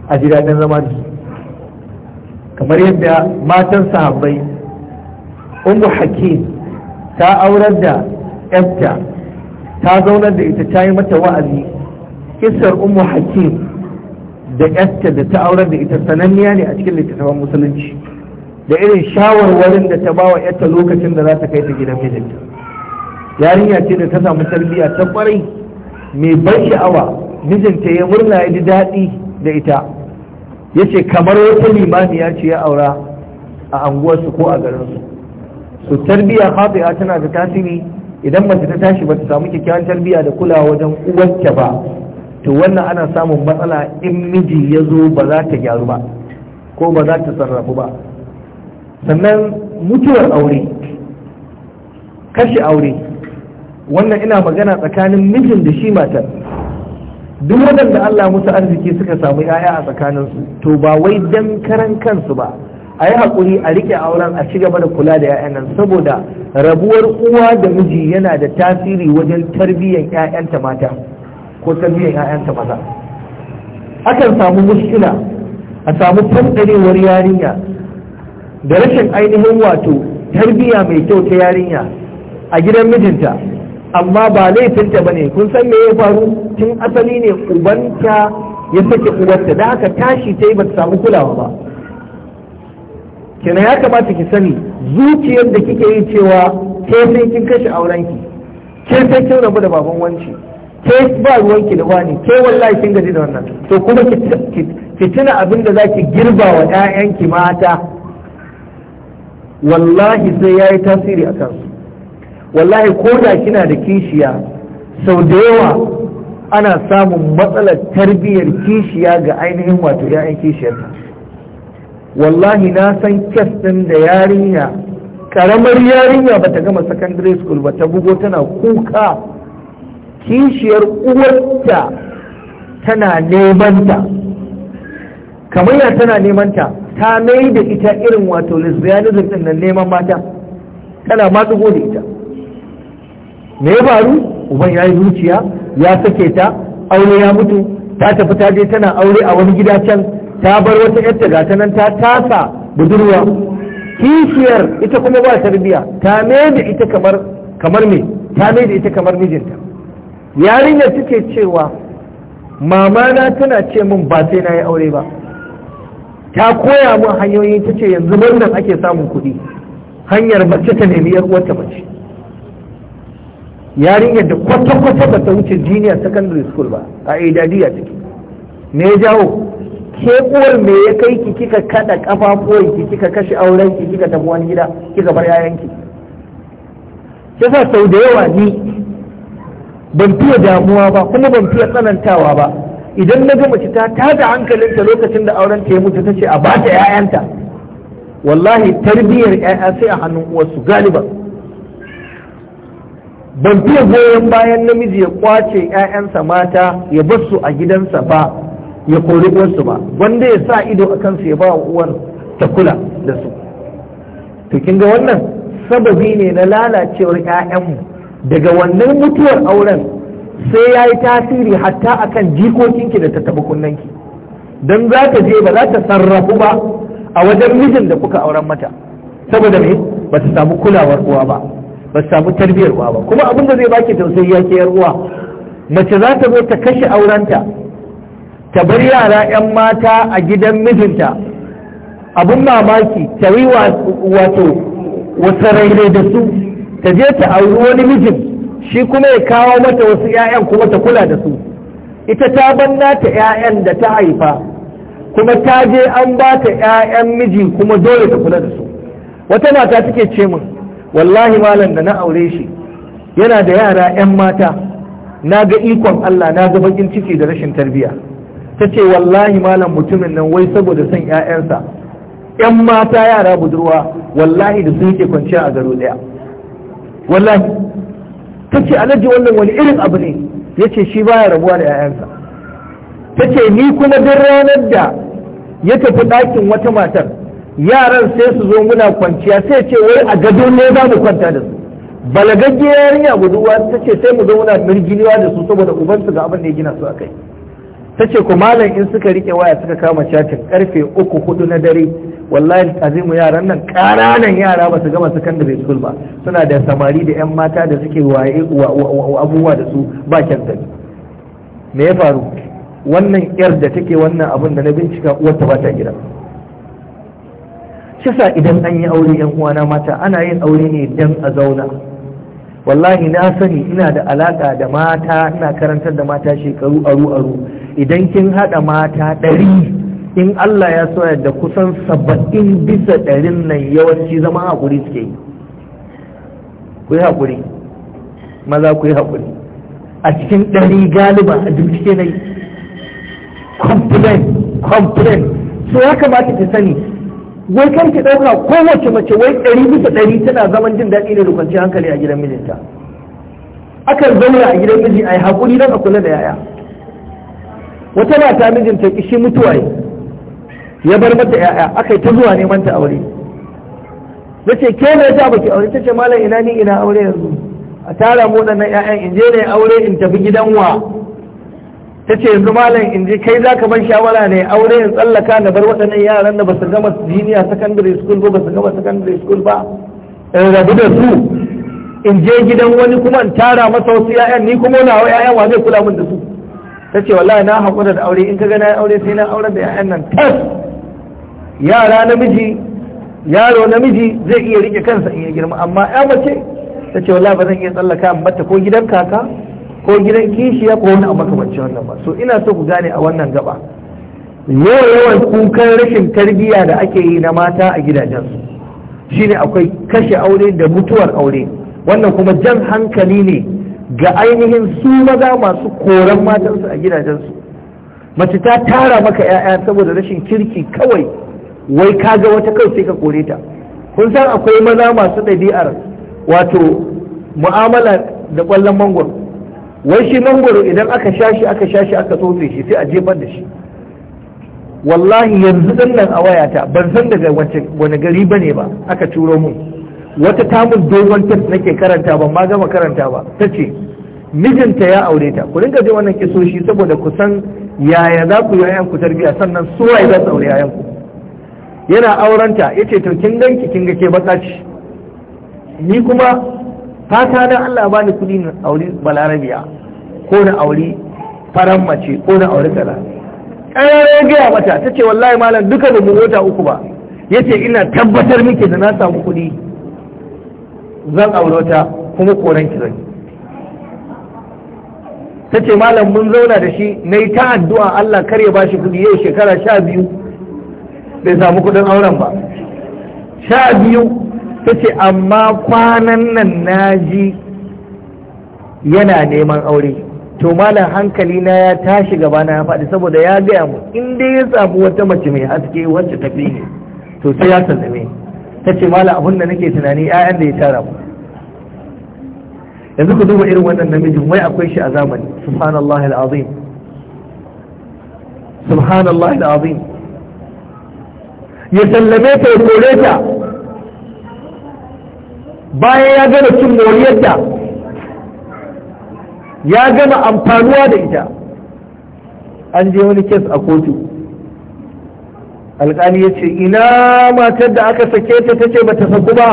a ji daɗin zama kamar yadda matan sahabbai umu hakim ta aurar da yabta ta zaunar da ita ta yi mata wa'azi Kisar Umu hakim da yatta da ta aurar da ita sananniya ne a cikin littattafan musulunci da irin shawarwarin da ta ba wa yatta lokacin da za ta kai ta gidan mijinta yarinya ce da ta samu tarbiyya ta kwarai mai ban sha'awa mijinta ya murna ya ji daɗi da ita ya ce kamar wata limamiya ce ya aura a anguwarsu ko a garinsu su tarbiyya hafiya tana da tasiri idan mace ta tashi ba ta samu kyakkyawan tarbiyya da kulawa wajen uwarta ba to wannan ana samun matsala in miji ya zo ba za ta gyaru ba ko ba za ta sarrafu ba sannan mutuwar aure kashe aure wannan ina magana tsakanin mijin da shi matar duk waɗanda Allah musu arziki suka samu yaya a tsakaninsu to ba wai dan karan kansu ba a yi haƙuri a riƙe auren a ci gaba da kula da 'ya'yan nan saboda rabuwar uwa da miji yana da tasiri wajen tarbiyyar 'ya'yanta mata ko tarbiyyar 'ya'yanta maza akan samu mushkila a samu fanɗarewar yarinya da rashin ainihin wato tarbiyya mai kyau ta yarinya a gidan mijinta amma ba laifinta ba ne kun san me ya faru tun asali ne ubanta ya sake uwarta da haka tashi ta yi ba ta samu kulawa ba kina ya kamata ki sani zuciyar da kike yi cewa ke sai kin kashe aurenki ke sai kin rabu da baban wanci ke ba ruwan ki da wani ke wallahi kin gaji da wannan to kuma ki tuna abin da zaki girba wa ƴaƴan ki mata wallahi sai yayi tasiri a kansu wallahi ko da kina da kishiya sau da yawa ana samun matsalar tarbiyyar kishiya ga ainihin wato ƴaƴan kishiyarta wallahi na san kes ɗin da yarinya karamar yarinya bata gama secondary school ba ta bugo tana kuka kishiyar uwarta tana nemanta kamar ya tana nemanta ta mai da ita irin wato lesbianism din nan neman mata tana ma da ita me ya faru uban ya yi zuciya ya sake ta aure ya mutu ta tafi ta je tana aure a wani gida can ta bar wata yadda ta nan ta tasa budurwa kishiyar ita kuma ba tarbiya ta mai da ita kamar kamar me ta mai da ita kamar mijinta yarinyar take cewa mamana tana ce min ba sai na yi aure ba ta koya min hanyoyi ta ce yanzu wannan ake samun kuɗi hanyar mace ta nemi yar uwarta mace yarinyar da kwata-kwata ba ta wuce junior secondary school ba a idadiya take me ya jawo ke uwar me ya kai ki kika kada kafafuwan ki kika kashe auren ki kika tafi wani gida kika bar yayan ki yasa sau da yawa ni ban fiye damuwa ba kuma ban fiye tsanantawa ba idan na ga mace ta tada hankalinta lokacin da auren ta ya mutu ta ce a bata 'ya'yanta wallahi tarbiyyar 'ya'ya sai a hannun uwarsu galiba ban fiye goyon bayan namiji ya kwace 'ya'yansa mata ya bar su a gidansa ba ya kori uwarsu ba wanda ya sa ido a kansu ya ba wa uwar ta kula da su to kin ga wannan sababi ne na lalacewar 'ya'yanmu daga wannan mutuwar auren sai ya yi tasiri hatta akan jikokinki da ta taɓa kunnanki don za ta je ba za ta sarrafu ba a wajen mijin da kuka auren mata saboda me ba ta samu kulawar uwa ba ba ta samu tarbiyyar uwa ba kuma abin da zai baki tausayi ya ke uwa mace za ta zo ta kashe aurenta ta bar yara 'yan mata a gidan mijinta abin mamaki ta yi wato wasu rairai da su ta je ta auri wani mijin shi kuma ya kawo mata wasu 'ya'yan kuma ta kula da su ita ta banna ta 'ya'yan da ta haifa kuma ta je an ba ta 'ya'yan miji kuma dole ta kula da su wata mata suke ce min wallahi malam da na aure shi yana da yara 'yan mata na ga ikon Allah na ga bakin ciki da rashin tarbiyya ta ce wallahi malam mutumin nan wai saboda son 'ya'yansa 'yan mata yara budurwa wallahi da su ke kwanciya a garo ɗaya wallahi ta ce alhaji wannan wani irin abu ne ya ce shi baya rabuwa da 'ya'yansa ta ce ni kuma duk ranar da ya tafi ɗakin wata matar yaran sai su zo muna kwanciya sai ce wai a gado ne za mu kwanta da su balagagge yarinya guduwa ta ce sai mu zo muna mirginiwa da su saboda ubansu ga abin da ya gina su a kai ta ce ku malam in suka rike waya suka kama catin karfe uku hudu na dare wallahi azimu yaran nan ƙananan yara ba su gama secondary school ba suna da samari da 'yan mata da suke waye abubuwa da su ba kyan me ya faru wannan yar da take wannan abun da na bincika uwarta ba ta gida shi sa idan an yi aure yan uwana mata ana yin aure ne dan a zauna wallahi na sani ina da alaka da mata ina karantar da mata shekaru aru aru idan kin hada mata ɗari in Allah ya so yadda kusan saba'in bisa ɗarin nan yawanci zama haƙuri suke yi ku yi haƙuri maza ku yi haƙuri a cikin ɗari galiba a bincike na yi complain complain so ya kamata ki sani wai kan ki ɗauka kowace mace wai ɗari bisa ɗari tana zaman jin daɗi ne da kwanciyar hankali a gidan mijinta akan zauna a gidan miji a yi haƙuri don a kula da yaya wata mata mijinta ƙishi mutuwa yi ya bar mata ya'ya aka yi ta zuwa neman ta aure ya ce ke ne ta baki aure ta ce malam ina ni ina aure yanzu a tara mu waɗannan ya'yan in je ne aure in tafi gidan wa ta ce yanzu malam in je kai zaka ban shawara ne aure in tsallaka na bar waɗannan yaran da ba su gama junior secondary school ba su gama secondary school ba in rabu da su in je gidan wani kuma in tara masa wasu ya'yan ni kuma nawa ya'yan wa zai kula min da su ta ce wallahi na haƙura da aure in ka ga na aure sai na aure da ya'yan nan tas yara namiji yaro namiji zai iya rike kansa in ya girma amma ya mace ta ce wallahi ba zan iya tsallaka mata ko gidan kaka ko gidan kishiya ko wani abu makamancin cewa ba so ina so ku gane a wannan gaba yawan yawan kukan rashin tarbiyya da ake yi na mata a gidajen su shine akwai kashe aure da mutuwar aure wannan kuma jan hankali ne ga ainihin su maza masu koran matansu a gidajen su mace ta tara maka 'ya'ya saboda rashin kirki kawai wai ka ga wata kai sai ka kore ta kun san akwai maza masu ɗabi'ar wato mu'amala da ƙwallon mangwaro wai shi mangwaro idan aka sha shi aka sha shi aka tsotse shi sai a jefar da shi wallahi yanzu ɗan nan a wayata ban san daga wani gari bane ba aka turo mun wata tamun dogon tas nake karanta ban ma gama karanta ba ta ce mijinta ya aure ta ku dinga ji wannan kisoshi saboda ku san yaya za ku yi ku tarbiya sannan su waye za su aure yayan ku yana aurenta yace to kin ganki kin ga ke baka ni kuma fata na Allah ba ni kudi na auri balarabiya ko na auri faran mace ko na auri kaza ya gaya mata ta ce wallahi malam duka da mu wata uku ba yace ina tabbatar miki da na samu kudi zan aure ta kuma koran ki zan ta ce malam mun zauna da shi na yi ta addu'a Allah kar ya bashi kudi yau shekara sha biyu bai samu kudin auren ba sha biyu ta ce amma kwanan nan na ji yana neman aure to malam hankali na ya tashi gaba na ya faɗi saboda ya gaya mu in dai ya samu wata mace mai haske wacce tafi ne to sai ya sallame ta ce malam abin da nake tunani 'ya'yan da ya tara mu yanzu ku duba irin wannan namijin wai akwai shi a zamani subhanallahi al'azim subhanallahi al'azim ya sallame ta ya kore ta bayan ya gama cin moriyarta ya gama amfanuwa da ita an je wani kes a kotu alƙali ya ce ina matar da aka sake ta tace ba ta saku ba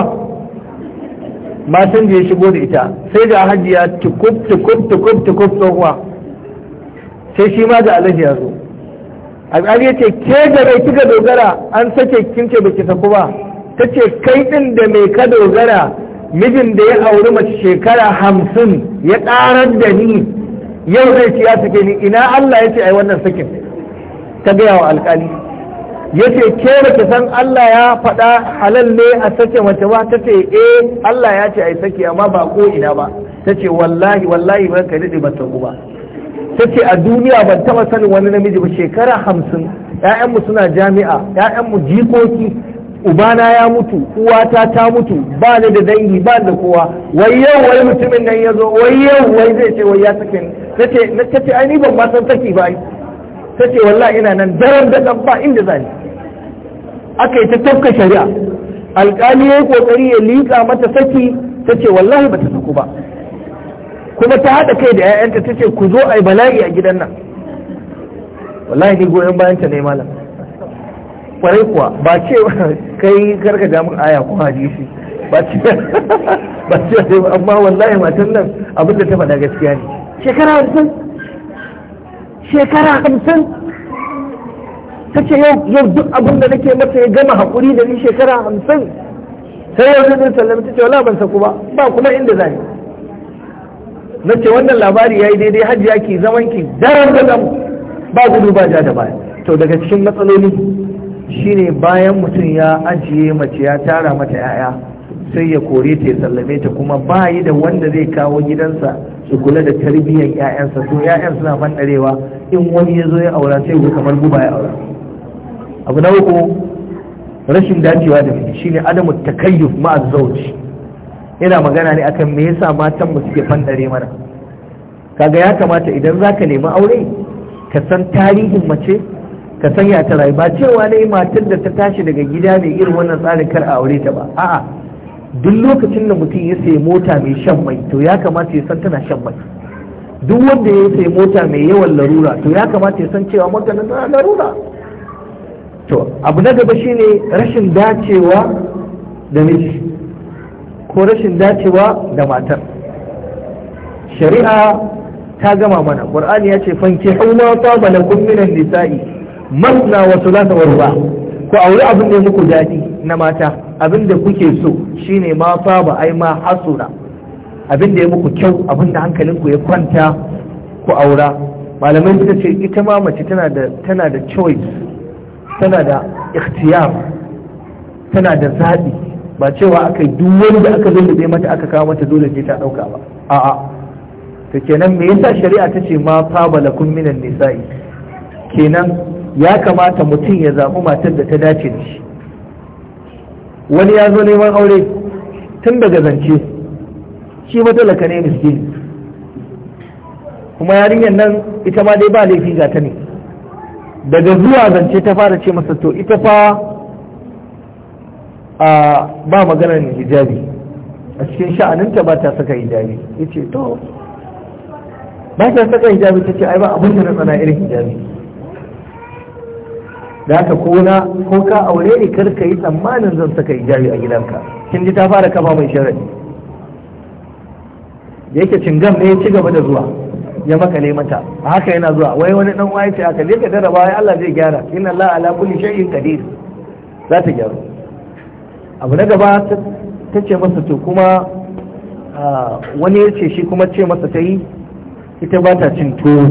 matan da ya shigo da ita sai da hajji ya tukub tukub tukub tukub tsohuwa sai shi ma da alhaji ya zo alƙali ya ce ke da mai kika dogara an sake kin ce baki saku ba ta ce kai ɗin da mai ka dogara mijin da ya auri mace shekara hamsin ya ƙarar da ni yau zai ci ya sake ni ina Allah ya ce ai wannan sakin ta gaya wa alƙali ya ce ke ki san Allah ya faɗa halal ne a sake mace ba ta ce eh Allah ya ce ai sake amma ba ko ina ba ta ce wallahi wallahi ba ka daɗe ba saku ba ta ce a duniya ban taba sanin wani namiji ba shekara hamsin ‘ya'yanmu suna jami'a ‘ya'yanmu jikoki ubana ya mutu uwata ta mutu ba ni da dangi ba da kowa wai yau wai mutumin nan ya zo wai yau wai zai ce wai ya sakin ta ce ai ban ma san saki ba ta ce wallahi ina nan daren da ba inda zani aka yi ta tafka shari'a alƙali ya yi ya liƙa mata saki ta ce wallahi ba ta saku ba kuma ta haɗa kai da 'ya'yanta ta ce ku zo a yi bala'i a gidan nan wallahi ne goyon bayanta ne malam kwarai kuwa ba ce kai karka ga mun aya ko hadisi ba ce ba ce amma wallahi matan nan abin da ta faɗa gaskiya ne shekara hamsin shekara hamsin ta ce yau duk abin da nake mata ya gama haƙuri da ni shekara hamsin sai yau zai sallama ta ce wala ban saku ba ba kuma inda zai na ce wannan labari ya yi daidai hajiya ki zaman ki daren da ba gudu ba ja da baya to daga cikin matsaloli shine bayan mutum ya ajiye mace ya tara mata yaya sai ya kore ta ya sallame ta kuma ba yi da wanda zai kawo gidansa su kula da tarbiyyar 'ya'yansa to 'ya'yan suna bandarewa in wani ya zo ya aura sai ya kamar guba ya aura abu na uku rashin dacewa da shi ne adamu takayyuf ma'a yana magana ne akan me yasa matan mu suke fandare mana kaga ya kamata idan zaka nemi aure ka san tarihin mace ka san ya ta rayu ba cewa ne matan da ta tashi daga gida ne irin wannan tsarin kar a aure ta ba a'a duk lokacin da mutum ya sayi mota mai shan mai to ya kamata ya san tana shan mai duk wanda ya sayi mota mai yawan larura to ya kamata ya san cewa maganin na larura to abu na gaba shine rashin dacewa da miji ko rashin dacewa da matar shari'a ta gama mana Ƙur'ani ya ce fanki hauma taba lakum minan nisa'i masna wa thulatha wa ruba ku aure abin da muku dadi na mata abin da kuke so shine ma ba ai ma hasura abin da ya muku kyau abin da hankalinku ya kwanta ku aura malamai suka ce ita ma mace tana da tana da choice tana da ikhtiyar tana da zaɓi ba cewa aka yi duk wanda aka lullube mata aka kawo mata dole sai ta dauka ba a'a to kenan me yasa shari'a ta ce ma balakum minan nisa'i kenan ya kamata mutum ya zaɓi matar da ta dace da shi wani ya zo neman aure tun daga zance shi matalaka ne miskin kuma yarinyar nan ita ma dai ba laifi ga ta ne daga zuwa zance ta fara ce masa to ita fa ba maganar hijabi a cikin sha'aninta ba ta saka hijabi ya ce to ba ta saka hijabi ta ce ai ba abin da na tsana irin hijabi da aka kona ko ka aure ni kar ka yi tsammanin zan saka hijabi a gidanka kin ji ta fara kafa mai sharadi yake cingam ne ya ci gaba da zuwa ya makale mata haka yana zuwa wai wani dan wayace ce aka je ka daraba wai Allah zai gyara inna Allah ala kulli shay'in qadir za ta gyaru abu na gaba ta ce masa to kuma wani ya ce shi kuma ce masa ta yi ita ba ta cin tuwo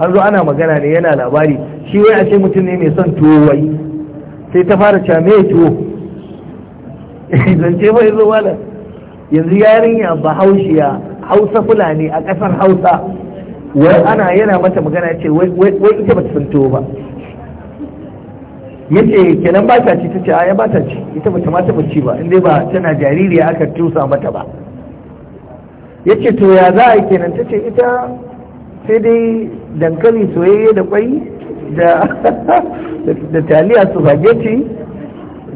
an zo ana magana ne yana labari shi wai a ce mutum ne mai son tuwo wai sai ta fara cewa me tuwo zance bai zo wala yanzu yarinya ba haushiya hausa fulani a ƙasar hausa wai ana yana mata magana ce wai ita ba ta san tuwo ba yace kenan ba ta ci tace a ba ta ci ita ba ta ma taba ci ba in dai ba tana jaririya aka tusa mata ba yace to ya za a yi kenan tace ita sai dai dankali soyayya da kwai da taliya su fageti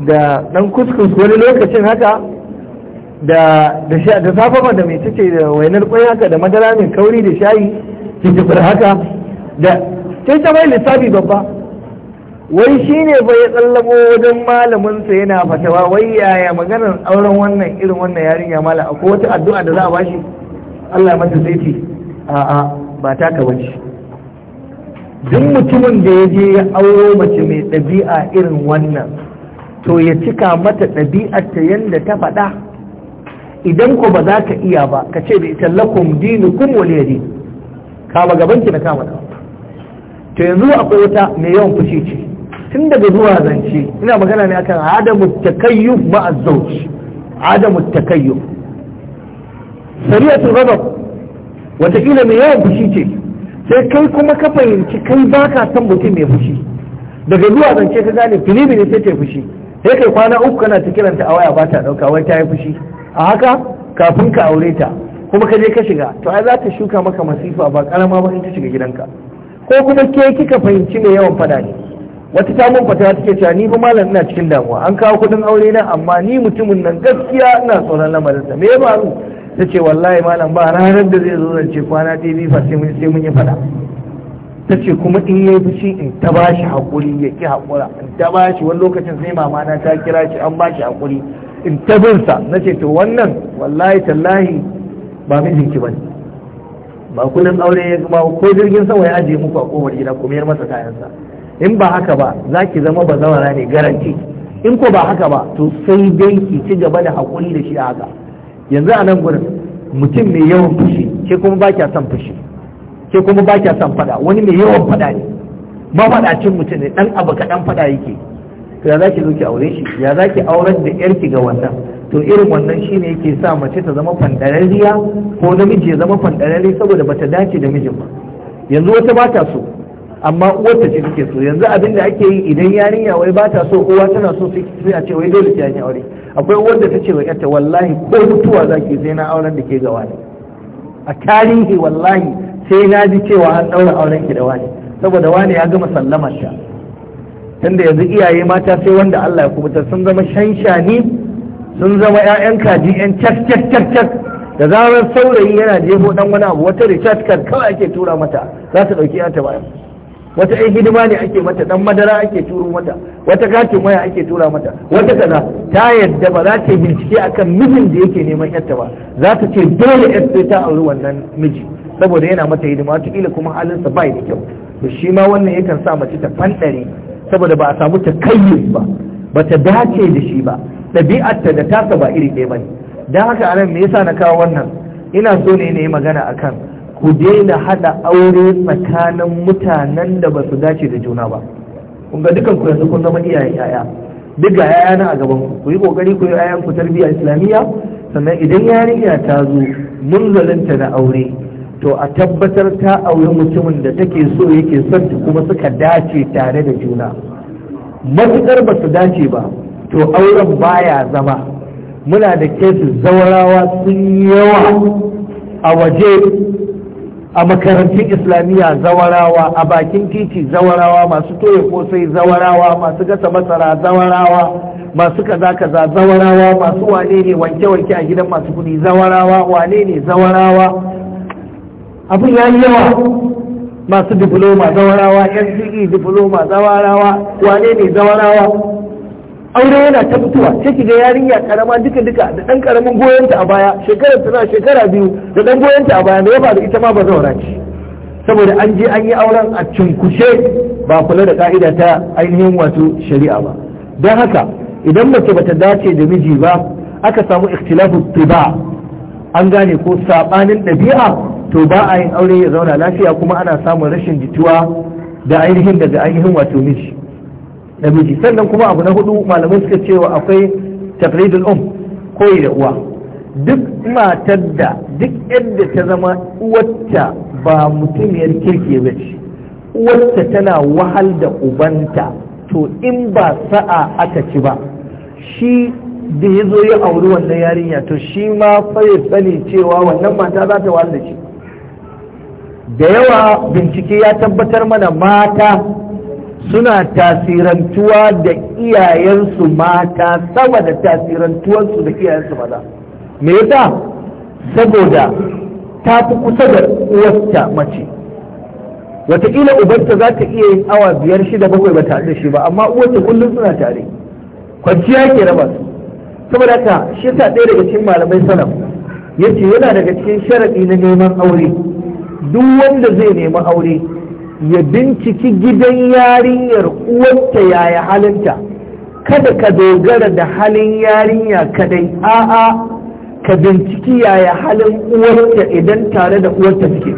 da dan kuskus wani lokacin haka da da da safa da mai tace da wainar kwai haka da madara mai kauri da shayi ki haka da sai ta mai lissafi babba wai shi ne bai tsallabo wajen malaminsa yana fatawa wai yaya maganar auren wannan irin wannan yarinya mala akwai wata addu'a da za a bashi Allah mata zai ce a'a ba ka bace duk mutumin da ya je ya auro mace mai ɗabi'a irin wannan to ya cika mata ɗabi'ar ta yanda ta faɗa idan ko ba za ka iya ba ka ce da ita lakum kun waliyadi ka ba gaban ki na kama to yanzu akwai wata mai yawan fushi ce tun daga zuwa zance ina magana ne akan adamu takayyuf ma'a zauj adamu takayyuf sariyatu ghadab watakila mai yawan fushi ce sai kai kuma ka fahimci kai baka san mutum mai fushi daga zuwa zance ka gane filimi ne sai ta fushi sai kai kwana uku kana ta kiranta a waya ba ta dauka wai ta yi fushi a haka kafin ka aure ta kuma ka je ka shiga to ai za ta shuka maka masifa ba karama ba in ta shiga gidanka ko kuma ke kika fahimci mai yawan fada ne wata ta mun fata take cewa ni ba malam ina cikin damuwa an kawo kudin aure na amma ni mutumin nan gaskiya ina tsoron lamarin sa me ya faru ta ce wallahi malam ba ranar da zai zo zance kwana ɗaya biyu fa sai mun yi fada ta ce kuma in yi fushi in ta bashi haƙuri ya ki haƙura in ta bashi wani lokacin sai mama na ta kira shi an bashi haƙuri in ta bin sa ce to wannan wallahi tallahi ba mijinki ne. ba kullun aure ya ba ko jirgin sama ya aje muku a kowar gida kuma mayar masa kayan sa in ba haka ba za ki zama ba zawara ne garanti in ko ba haka ba to sai dai ki ci gaba da haƙuri da shi a haka yanzu a nan gurin mutum mai yawan fushi ke kuma ba kya son fushi ke kuma ba kya son fada wani mai yawan fada ne mafaɗacin mutum ne ɗan abu kaɗan fada yake to ya za ki zo ki aure shi ya za ki auren da yarki ga wannan to irin wannan shi ne yake sa mace ta zama fandararriya ko namiji ya zama fandararri saboda bata dace da mijin ba yanzu wata ba ta so amma uwarta ce take so yanzu abin da ake yi idan yarinya wai ba ta so uwa tana so sai a ce wai dole sai yi aure akwai da ta ce wa yarta wallahi ko mutuwa zaki sai na auren da ke gawa ne a tarihi wallahi sai na ji cewa an daura auren ki da wani saboda wani ya gama sallamar ta tunda yanzu iyaye mata sai wanda Allah ya kubuta sun zama shanshani sun zama ƴaƴan kaji ƴan cak cak cak cak da zarar saurayi yana jefo dan wani abu wata recharge card kawai ake tura mata za ta dauki ta bayan wata ɗan hidima ne ake mata ɗan madara ake turo mata wata katin waya ake tura mata wata kaza ta yadda ba za ta bincike akan mijin da yake neman yarta ba za ta ce dole yar sai ta auri wannan miji saboda yana mata hidima ila kuma halin halinsa bai da kyau to shi ma wannan yakan sa mace ta fanɗare saboda ba a samu ta kayyus ba ba ta dace da shi ba ɗabi'arta da tasa ba iri ɗaya ba ne don haka anan me yasa na kawo wannan ina so ne na yi magana akan ku daina hada aure tsakanin mutanen da ba su dace da juna ba kun ga dukan ku yanzu kun zama iyayen yaya duk ga yaya na a gaban ku ku yi kokari ku yi yayan ku tarbiyya islamiyya sannan idan yarinya ta zo mun zalunta na aure to a tabbatar ta aure mutumin da take so yake son ta kuma suka dace tare da juna matukar ba su dace ba to auren baya zama muna da kesu zaurawa sun yawa a waje a makarantun islamiyya zawarawa a bakin titi zawarawa masu toye kosai zawarawa masu gasa masara zawarawa masu kaza kaza zawarawa masu wane ne wanke wanke a gidan masu kuɗi zawarawa wane ne zawarawa abin ya yi yawa masu diploma zawarawa nce diploma zawarawa wane ne zawarawa aure yana ta mutuwa sai kiga yarinya karama duka duka da dan karamin goyonta a baya shekarar tana shekara biyu da dan goyonta a baya da ya da ita ma ba zaura ce saboda an je an yi auren a cinkushe ba kula da ka'ida ta ainihin wato shari'a ba don haka idan mace bata dace da miji ba aka samu ikhtilafu tiba an gane ko sabanin ɗabi'a to ba a yin aure ya zauna lafiya kuma ana samun rashin jituwa da ainihin daga ainihin wato miji namiji sannan kuma abu na hudu malamai suka cewa akwai taqlidul um koyi da uwa duk matar da duk yadda ta zama uwarta ba mutumiyar kirki ba ce uwarta tana wahal da ubanta to in ba sa'a aka ci ba shi da ya zo ya auri wannan yarinya to shi ma fayi sani cewa wannan mata za ta wahal da shi da yawa bincike ya tabbatar mana mata suna tasirantuwa da iyayensu mata sama da tasirantuwansu da iyayensu maza me yasa saboda ta fi kusa da uwarta mace wataƙila ubarta za ta iya yin awa biyar shida bakwai ba tare da shi ba amma uwarta kullum suna tare kwanciya ke raba su saboda ka shi sa ɗaya daga cikin malamai salaf yace yana daga cikin sharaɗi na neman aure duk wanda zai nemi aure ya binciki gidan yarinyar uwarta yaya halinta kada ka dogara da halin yarinya kadai a'a ka binciki yaya halin uwarta idan tare da uwarta suke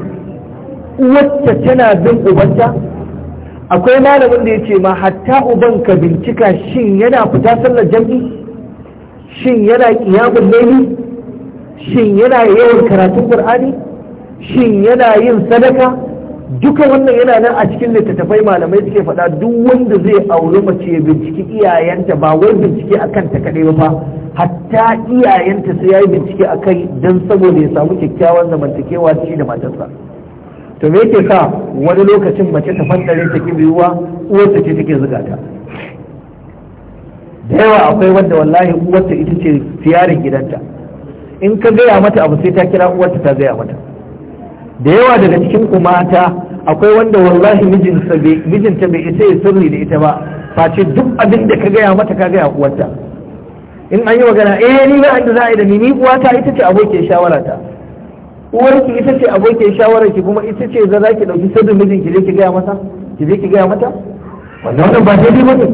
uwarta tana bin ubanta akwai malamin da ya ce ma hatta uban ka bincika shin yana fita sallar jam'i shin yana kiyamun laili shin yana yawan karatun qur'ani shin yana yin sadaka duka wannan yana nan a cikin littattafai malamai suke faɗa duk wanda zai auri mace binciki iyayenta ba wai bincike akan ta kaɗai ba hatta iyayenta sai yayi bincike akai don saboda ya samu kyakkyawan zamantakewa shi da matarsa to me yake sa wani lokacin mace ta fannare ta ki biyuwa uwarta ce take zuga ta da yawa akwai wanda wallahi uwarta ita ce tiyarin gidanta in ka gaya mata abu sai ta kira uwarta ta gaya mata da yawa daga cikin kumata akwai wanda wallahi mijinta bai isa ya sirri da ita ba face duk abin da ka gaya mata ka gaya uwarta in an yi magana eh ni ba inda za a yi da ni ni uwata ita ce abokin shawara ta uwarki ita ce abokin shawara ki kuma ita ce za ki dauki sirrin mijin ki je ki gaya mata ki je ki gaya mata wannan wannan ba daidai bane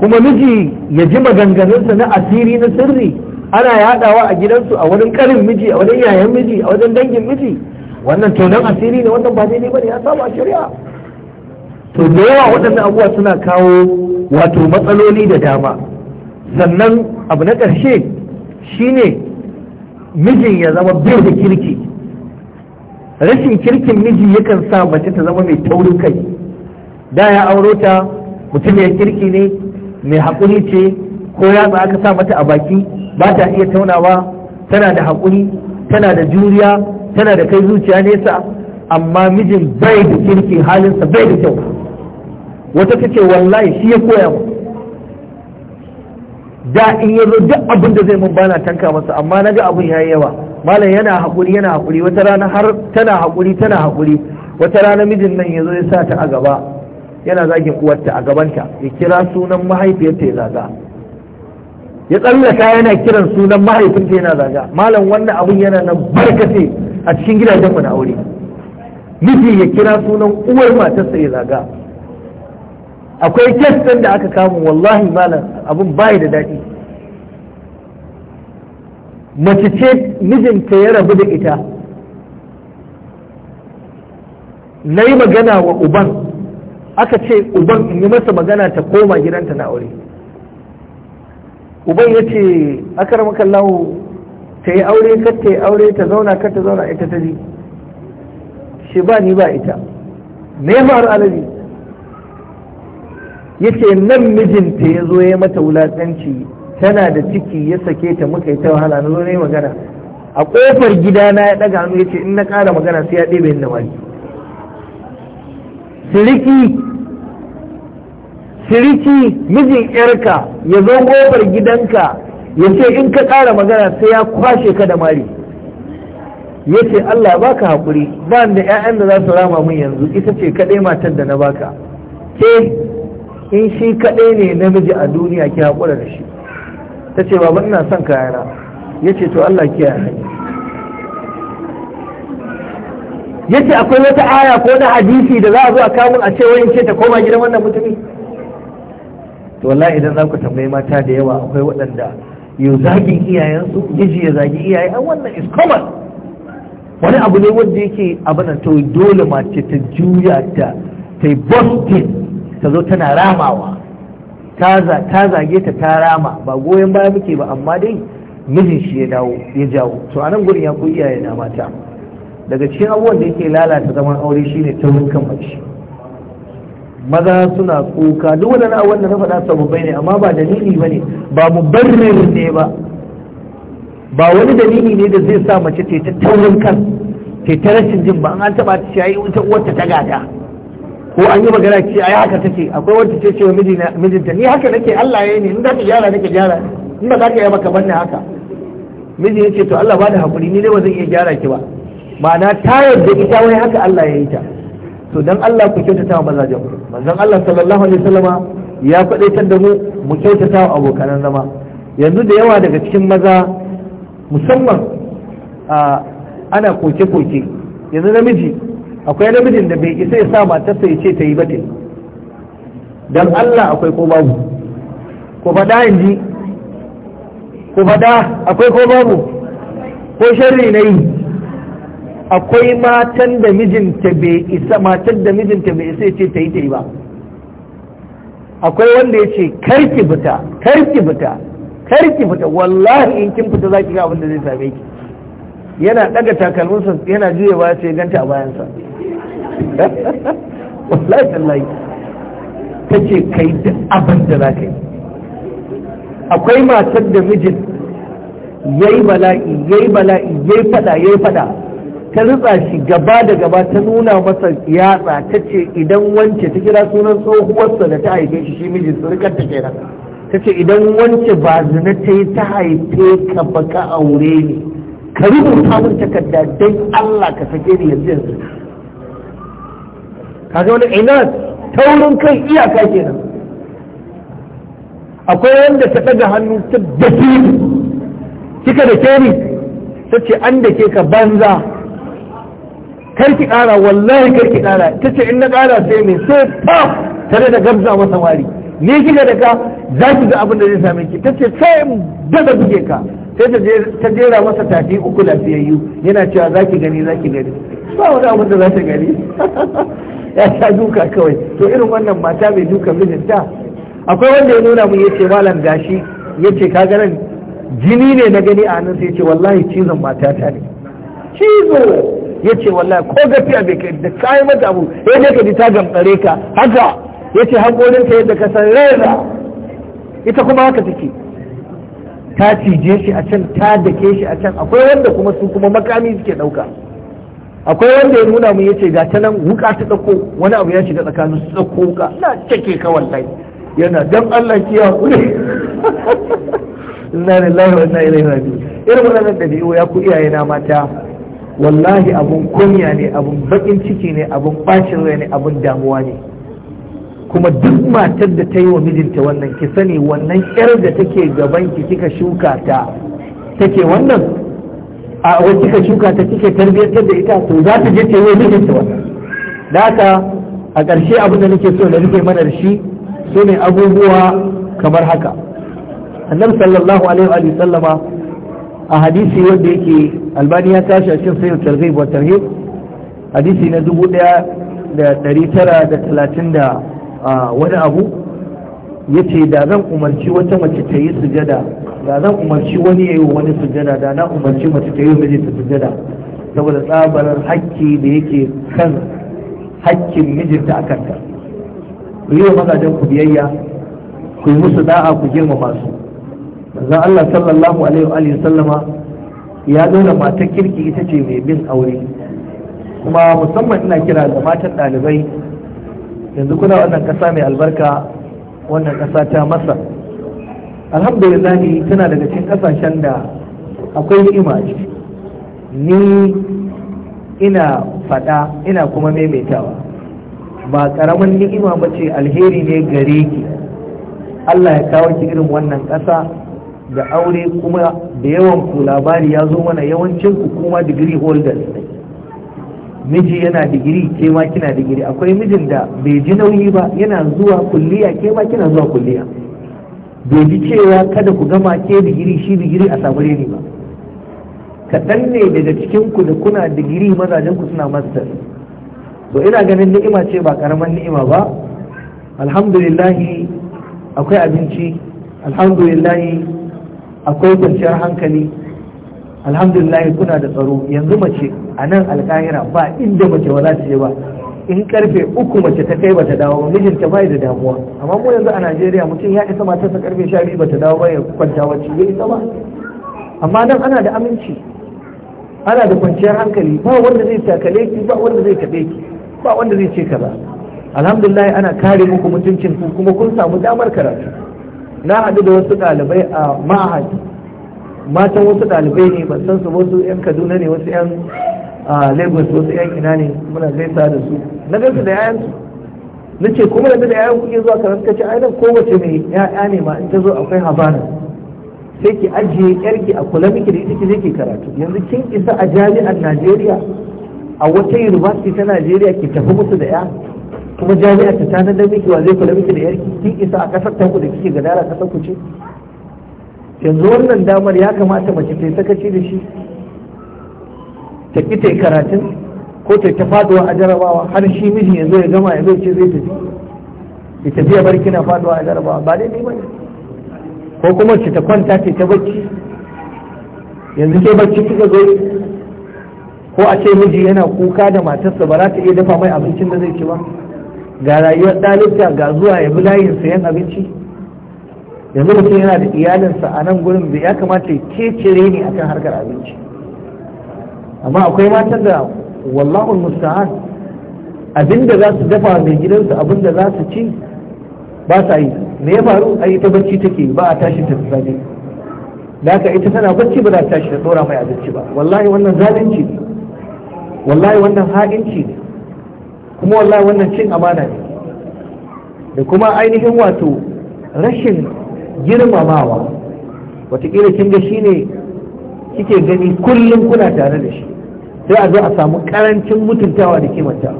kuma miji ya ji maganganunsa na asiri na sirri ana yaɗawa a gidansu a wurin karin miji a wani yayan miji a wajen dangin miji wannan nan asiri ne wannan ba daidai bane ya saba shari'a to da yawa waɗannan abubuwa suna kawo wato matsaloli da dama sannan abu na ƙarshe shine mijin ya zama bai da kirki rashin kirkin miji yakan sa mace ta zama mai taurin kai da ya auro ta mutum ya kirki ne mai haƙuri ce ko ya aka sa mata a baki ba ta iya taunawa tana da haƙuri tana da juriya tana da kai zuciya nesa amma mijin bai da kirki halinsa bai da kyau wata ta ce wallahi shi ya koya mu da in ya zo duk abin da zai mun bana tanka masa amma naga abin yayi yawa malam yana haƙuri yana haƙuri wata rana har tana haƙuri tana haƙuri wata rana mijin nan ya zo ya sa ta a gaba yana zagin uwarta a gabanta ya kira sunan mahaifiyarta ya zaga ya tsallaka yana kiran sunan mahaifinta yana zaga malam wannan abun yana nan barkace a cikin gidajen na aure miji ya kira sunan uwar matarsa ya zaga akwai kes da aka kama wallahi malam abun bayi da daɗi mace ce mijinta ya rabu da ita na yi magana wa uban aka ce uban in yi masa magana ta koma gidanta na aure uban ya ce akar Lawo, ta yi aure kar ta yi aure ta zauna kar zauna ita ta ji shi ba ni ba ita me har alabi ya ce nan mijinta ya zo ya mata wulatsanci tana da ciki ya sake ta muka yi ta wahala na zo ne magana a ƙofar gidana ya ɗaga hannu ya ce in na ƙara magana sai ya ɗebe yin da wani siriki firici mijin yarka ya zo gobar gidanka ya ce in ka ƙara magana sai ya kwashe ka da mari ya ce Allah ba ka haƙuri ba da 'ya'yan da za su rama min yanzu ita ce kaɗai matar da na baka ke in shi kaɗai ne namiji a duniya ki haƙura da shi ta ce ba ina son kayana ya ce to Allah kiyaye ya ce akwai wata aya ko na hadisi da za a zo a kamun a ce wani ce ta koma gidan wannan mutumin. to wallahi idan za ku tambayi mata da yawa akwai waɗanda yau zagin iyayensu miji ya zagi iyaye an wannan is common wani abu ne wanda yake abin to dole mace ta juya ta ta yi ta zo tana ramawa ta zage ta ta rama ba goyon baya muke ba amma dai mijin shi ya dawo ya jawo to anan gurin ya ku iyaye na mata daga cikin abubuwan da yake lalata zaman aure shine taurin kan mace maza suna kuka duk waɗannan abubuwan da na faɗa sababai ne amma ba dalili ba ne ba mubarrir ne ba ba wani dalili ne da zai sa mace ce ta taurin kan ce ta rashin jin ba an taɓa ta shayi wata uwarta ta gada ko an yi magana ce ai haka take akwai wata ce cewa mijinta ni haka nake Allah ya ne in za ka gyara nake gyara in ba za ka yi maka banne haka miji yace to Allah ba da hakuri ni dai ba zan iya gyara ki ba ma'ana ta yarda ita wai haka Allah ya yi ta to dan Allah ku kyautata wa mazajen manzon Allah sallallahu alaihi wasallama ya faɗaitar da mu mu kyautata wa abokanan zama yanzu da yawa daga cikin maza musamman ana koke-koke yanzu namiji akwai namijin da bai isa ya sa matarsa ya ce ta yi bate dan Allah akwai ko babu ko fada in ji ko fada akwai ko babu ko sharri na yi akwai matan da mijinta bai isa matan da mijinta bai isa ce ta yi ta yi ba akwai wanda ya ce karki fita karki fita karki fita wallahi in kin fita za ki ga abin da zai same ki yana daga takalminsa yana juya baya sai ganta a bayansa wallahi tallahi ta ce kai da abin da za ka yi akwai matan da mijin yayi bala'i yayi bala'i yayi fada yayi fada ta ritsa shi gaba da gaba ta nuna masa yatsa ta ce idan wance ta kira sunan tsohuwarsa da ta haife shi shi mijin rikar ta kenan ta ce idan wance ba zina ta yi ta haife ka ba ka aure ni ka rubuta min takarda don Allah ka sake ni yanzu yanzu kaga wani ina taurin kai iyaka kenan akwai wanda ta daga hannu ta dafi kika da ke ni ta ce an da ke ka banza kar ki ƙara wallahi kar ki ƙara ta ce in na ƙara sai mai sai ta tare da gabza masa wari ni kika da ka za ki ga abin da zai same ki ta ce sai in daga buge ka sai ta jera masa tafi uku lafiyayyu yana cewa za ki gani za ki gani ba wani abin da za ta gani ya ta duka kawai to irin wannan mata mai duka mijinta akwai wanda ya nuna mun yace malam gashi yace ka ga jini ne na gani a nan sai ce wallahi cizon matata ne cizo ya ce wallahi ko gafiya bai kai da kayi mata abu ya je ka ji ta gamsare ka haka ya ce ka yadda ka san rera ita kuma haka take ta cije shi a can ta dake shi a can akwai wanda kuma su kuma makami suke ɗauka akwai wanda ya nuna mun ya ce ga ta nan wuka ta dauko wani abu ya shiga tsakanin su dauko wuka na cike ka wallahi yana dan Allah ki ya hakuri inna lillahi wa inna ilaihi raji'un irin wannan dabi'u ya ku iyaye na mata wallahi abun kunya ne abun bakin ciki ne abun bacin rai ne abun damuwa ne kuma duk matar da ta yi wa mijinta wannan ki sani wannan yar da take gaban ki kika shuka ta take wannan a wani kika shuka ta kike tarbiyyar da ita to za ta je ta yi wa mijinta wannan da haka a ƙarshe abin da nake so na rufe mana da shi su ne abubuwa kamar haka annabi sallallahu alaihi wa sallama a hadisi wanda yake albani ya tashi a cikin sayar targhib wa targhib hadisi na dubu daya da dari tara da talatin da wani abu ya ce da zan umarci wata mace ta yi sujada da zan umarci wani ya yi wani sujada da na umarci mace ta yi ta sujada saboda tsabarar hakki da yake kan hakkin mijinta a kanta ku yi wa mazajen ku biyayya ku yi musu da'a ku girmama su Zan Allah sallallahu alaihi wa sallama ya nuna matar kirki ita ce mai bin aure kuma musamman ina kira ga matan ɗalibai yanzu kuna wannan ƙasa mai albarka wannan ƙasa ta masa alhamdulillah tana daga cikin ƙasashen da akwai ni'ima ni ina faɗa ina kuma maimaitawa ba ƙaramin ni'ima ba ce alheri ne gare ki Allah ya kawo ki irin wannan ƙasa da aure kuma da yawan ku labari ya zo mana yawancin ku kuma digiri holders miji yana digiri ke ma kina digiri akwai mijin da bai ji nauyi ba yana zuwa kulliya ke ma kina zuwa kulliya bai ji cewa kada ku gama ke digiri shi digiri a samu reni ba kaɗan ne daga cikin ku da kuna digiri mazajen ku suna master to ina ganin ni'ima ce ba karaman ni'ima ba alhamdulillahi akwai abinci alhamdulillahi akwai kwanciyar hankali alhamdulillah kuna da tsaro yanzu mace a nan alkahira ba inda mace ba za ta je ba in karfe uku mace ta kai bata dawo mijinta bai da damuwa amma mu yanzu a Najeriya mutum ya isa matarsa karfe sha biyu bata dawo ba ya kwanta wacce ya isa ba amma nan ana da aminci ana da kwanciyar hankali ba wanda zai takale ki ba wanda zai kabe ki ba wanda zai ce kaza alhamdulillah ana kare muku mutuncin ku kuma kun samu damar karatu na haɗu da wasu ɗalibai a ma'ahad matan wasu ɗalibai ne ba san su wasu 'yan kaduna ne wasu 'yan lagos wasu 'yan ina ne muna gaisa da su na gaisa da 'ya'yansu na ce kuma da da 'ya'yan kuke zuwa karanta ce ainihin kowace mai 'ya'ya ne ma in ta zo akwai habana sai ki ajiye yarki a kula miki da ita ki je ki karatu yanzu kin isa a jami'ar najeriya a wata university ta najeriya ki tafi musu da 'ya kuma jami'a ta tanar da miki wa zai kula miki da yarki kin isa a kasar tanku da kike gadara kasar ku ce yanzu wannan damar ya kamata mace ta sakaci da shi ta ki ta karatun ko ta ta faduwa a jarabawa har shi miji yanzu ya gama yanzu ce zai tafi ya tafiya bar kina faduwa a jarabawa ba dai ba ko kuma ce ta kwanta ce ta bacci yanzu ke bacci kika zo ko a ce miji yana kuka da matarsa ba za ta iya dafa mai abincin da zai ci ba ga rayuwar ɗalibta ga zuwa ya bi layin sayan abinci yanzu mutum yana da iyalinsa a nan gurin da ya kamata ya kecire ne akan harkar abinci amma akwai matan da wallahun musta'an abinda za su dafa mai gidansu abinda za su ci ba sa yi me ya faru a yi ta bacci take ba a tashi ta zane. da aka ita tana bacci ba za ta tashi ta tsora mai abinci ba wallahi wannan zalunci ne wallahi wannan ha'inci ne kuma wallahi wannan cin amana ne da kuma ainihin wato rashin girmamawa watakila kin ga shine kike gani kullum kuna tare da shi sai a zo a samu karancin mutuntawa da kimanta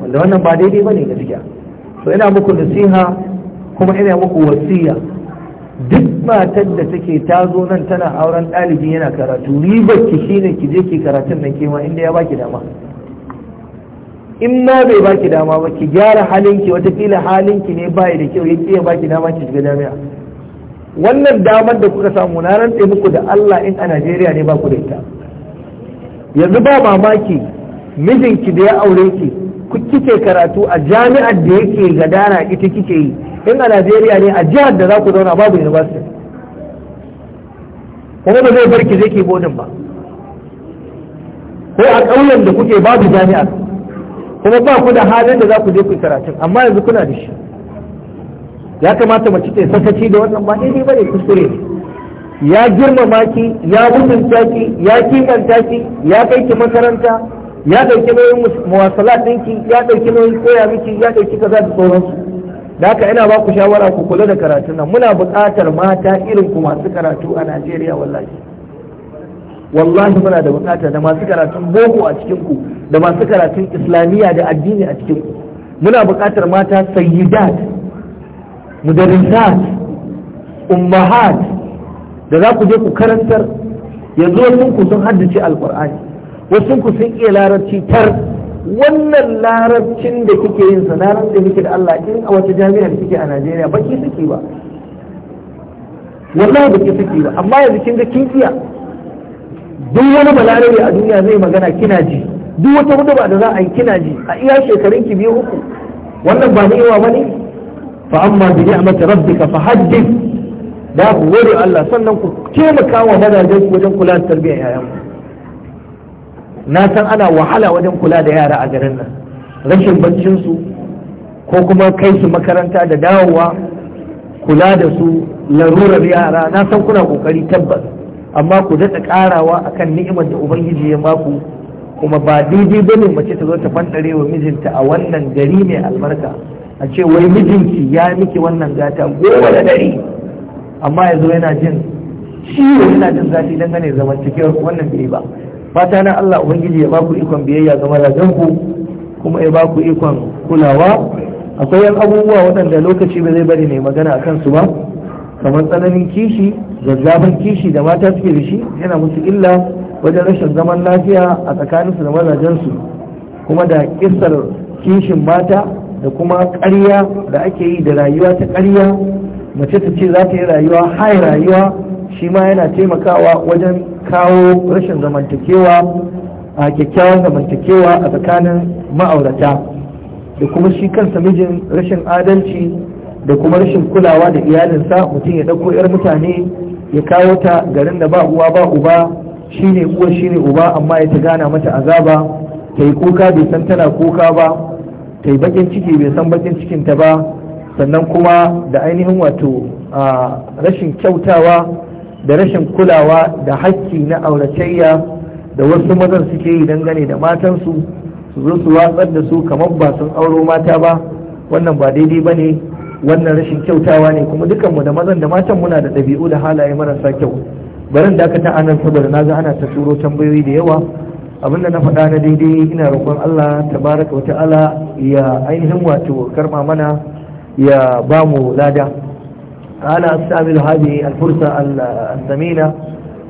wanda wannan ba daidai bane gaskiya to ina muku nasiha kuma ina muku wasiya duk matar da take ta zo nan tana auren ɗalibi yana karatu ribar ki shine ki je ki karatun nan kema inda ya baki dama in ma bai baki dama ba ki gyara halinki watakila halinki ne bai da kyau yake ya baki dama ki shiga jami'a wannan damar da kuka samu na rantse muku da Allah in a Najeriya ne ba ku da ita yanzu ba mamaki mijinki da ya aure ki kike karatu a jami'ar da yake gadara ita kike yi in a Najeriya ne a jihar da za ku zauna babu university kuma ba zai bar ki zai ke bodin ba ko a ƙauyen da kuke babu jami'ar kuma ba ku da halin da za ku je ku karatun amma yanzu kuna da shi ya kamata mace ta sakaci da wannan ba daidai bane kuskure ya girmama ki ya mutunta ki ya kimanta ki ya kai ki makaranta ya dauki nauyin muwasalat dinki ya dauki nauyin koya miki ya dauki kaza da sauransu da haka ina ba ku shawara ku kula da karatun nan muna buƙatar mata irin ku masu karatu a Najeriya wallahi wallahi muna da bukata da masu karatun boko a cikin ku da masu karatun islamiyya da addini a cikin ku muna bukatar mata sayyidat mudarrisat ummahat da za ku je ku karantar yanzu wasu ku sun haddace alqur'ani wasu ku sun iya larabci tar wannan larabcin da kike yin sa larabci kike da Allah in a wata jami'ar kike a Najeriya baki suke ba wallahi baki suke ba amma yanzu kin ga kin iya duk wani balarabe a duniya zai magana kina ji duk wata ba da za a yi kina ji a iya shekarun ki biyu uku wannan ba ni'ima ba ne fa amma bi ni'mati rabbika fa haddi da ku gode Allah sannan ku taimaka wa mazajen ku wajen kula da tarbiyyar yayan ku na san ana wahala wajen kula da yara a garin nan rashin baccin su ko kuma kai su makaranta da dawowa kula da su larurar yara na san kuna kokari tabbas amma ku daɗa ƙarawa akan ni'imar da ubangiji ya maku kuma ba daidai ba ne mace ta zo ta fandare wa mijinta a wannan gari mai albarka a ce wai mijinki ya miki wannan gata goma da dari amma ya zo yana jin ciwo yana jin zafi dangane zamantakewar wannan bai ba fata na Allah ubangiji ya baku ikon biyayya ga ku kuma ya baku ikon kulawa akwai yan abubuwa waɗanda lokaci ba zai bari ne magana a kansu ba kamar tsananin kishi zazzabin kishi da mata suke da shi yana musu illa wajen rashin zaman lafiya a tsakaninsu da mazajensu kuma da kisar kishin mata da kuma ƙarya da ake yi da rayuwa ta ƙarya mace ta ce za ta yi rayuwa hai rayuwa shi ma yana taimakawa wajen kawo rashin zamantakewa a kyakkyawan zamantakewa a tsakanin ma'aurata da kuma shi kansa mijin rashin adalci da kuma rashin kulawa da iyalinsa mutum ya ɗauko 'yar mutane ya kawo ta garin da ba uwa ba uba shine uwa shine uba amma ya ta gana mata azaba ta yi kuka bai san tana kuka ba ta yi bakin ciki bai san bakin cikinta ba sannan kuma da ainihin wato rashin kyautawa da rashin kulawa da hakki na auratayya da wasu mazan suke yi gane da matansu su zo su watsar da su kamar ba sun auro mata ba wannan ba daidai ba ne wannan rashin kyautawa ne kuma dukanmu da mazan da matan muna da ɗabi'u da halaye marasa kyau barin da aka ta'anar saboda na ga ana ta turo tambayoyi da yawa Abin da na faɗa na daidai ina roƙon Allah tabaraka wa ta'ala ya ainihin wato karma mana ya ba mu lada ala astamilu hadhihi al-fursa al-thamina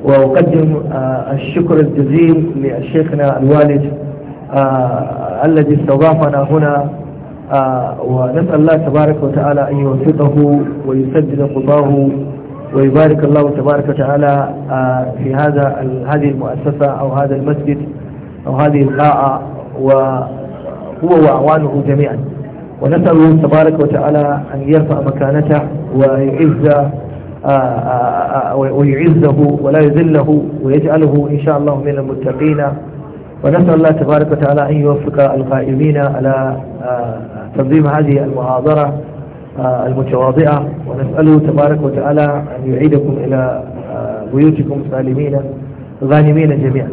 wa uqaddim uh, ash-shukr al-jazil li shaykhina al-walid الذي استضافنا هنا آه، ونسأل الله تبارك وتعالى أن يوفقه ويسدد قضاه ويبارك الله تبارك وتعالى آه، في هذا هذه المؤسسة أو هذا المسجد أو هذه القاعة وهو وأعوانه جميعا ونسأله تبارك وتعالى أن يرفع مكانته ويعز آه، ويعزه ولا يذله ويجعله إن شاء الله من المتقين ونسأل الله تبارك وتعالى أن يوفق القائمين على آه، تنظيم هذه المحاضرة آه، المتواضعة ونسأله تبارك وتعالى أن يعيدكم إلى آه، بيوتكم سالمين غانمين جميعا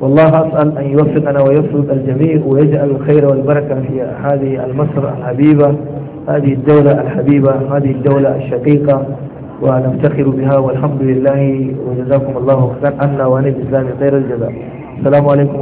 والله أسأل أن يوفقنا ويوفق الجميع ويجعل الخير والبركة في هذه المصر الحبيبة هذه الدولة الحبيبة هذه الدولة الشقيقة ونفتخر بها والحمد لله وجزاكم الله خيرا عنا وعن الإسلام خير الجزاء assalamu alaikum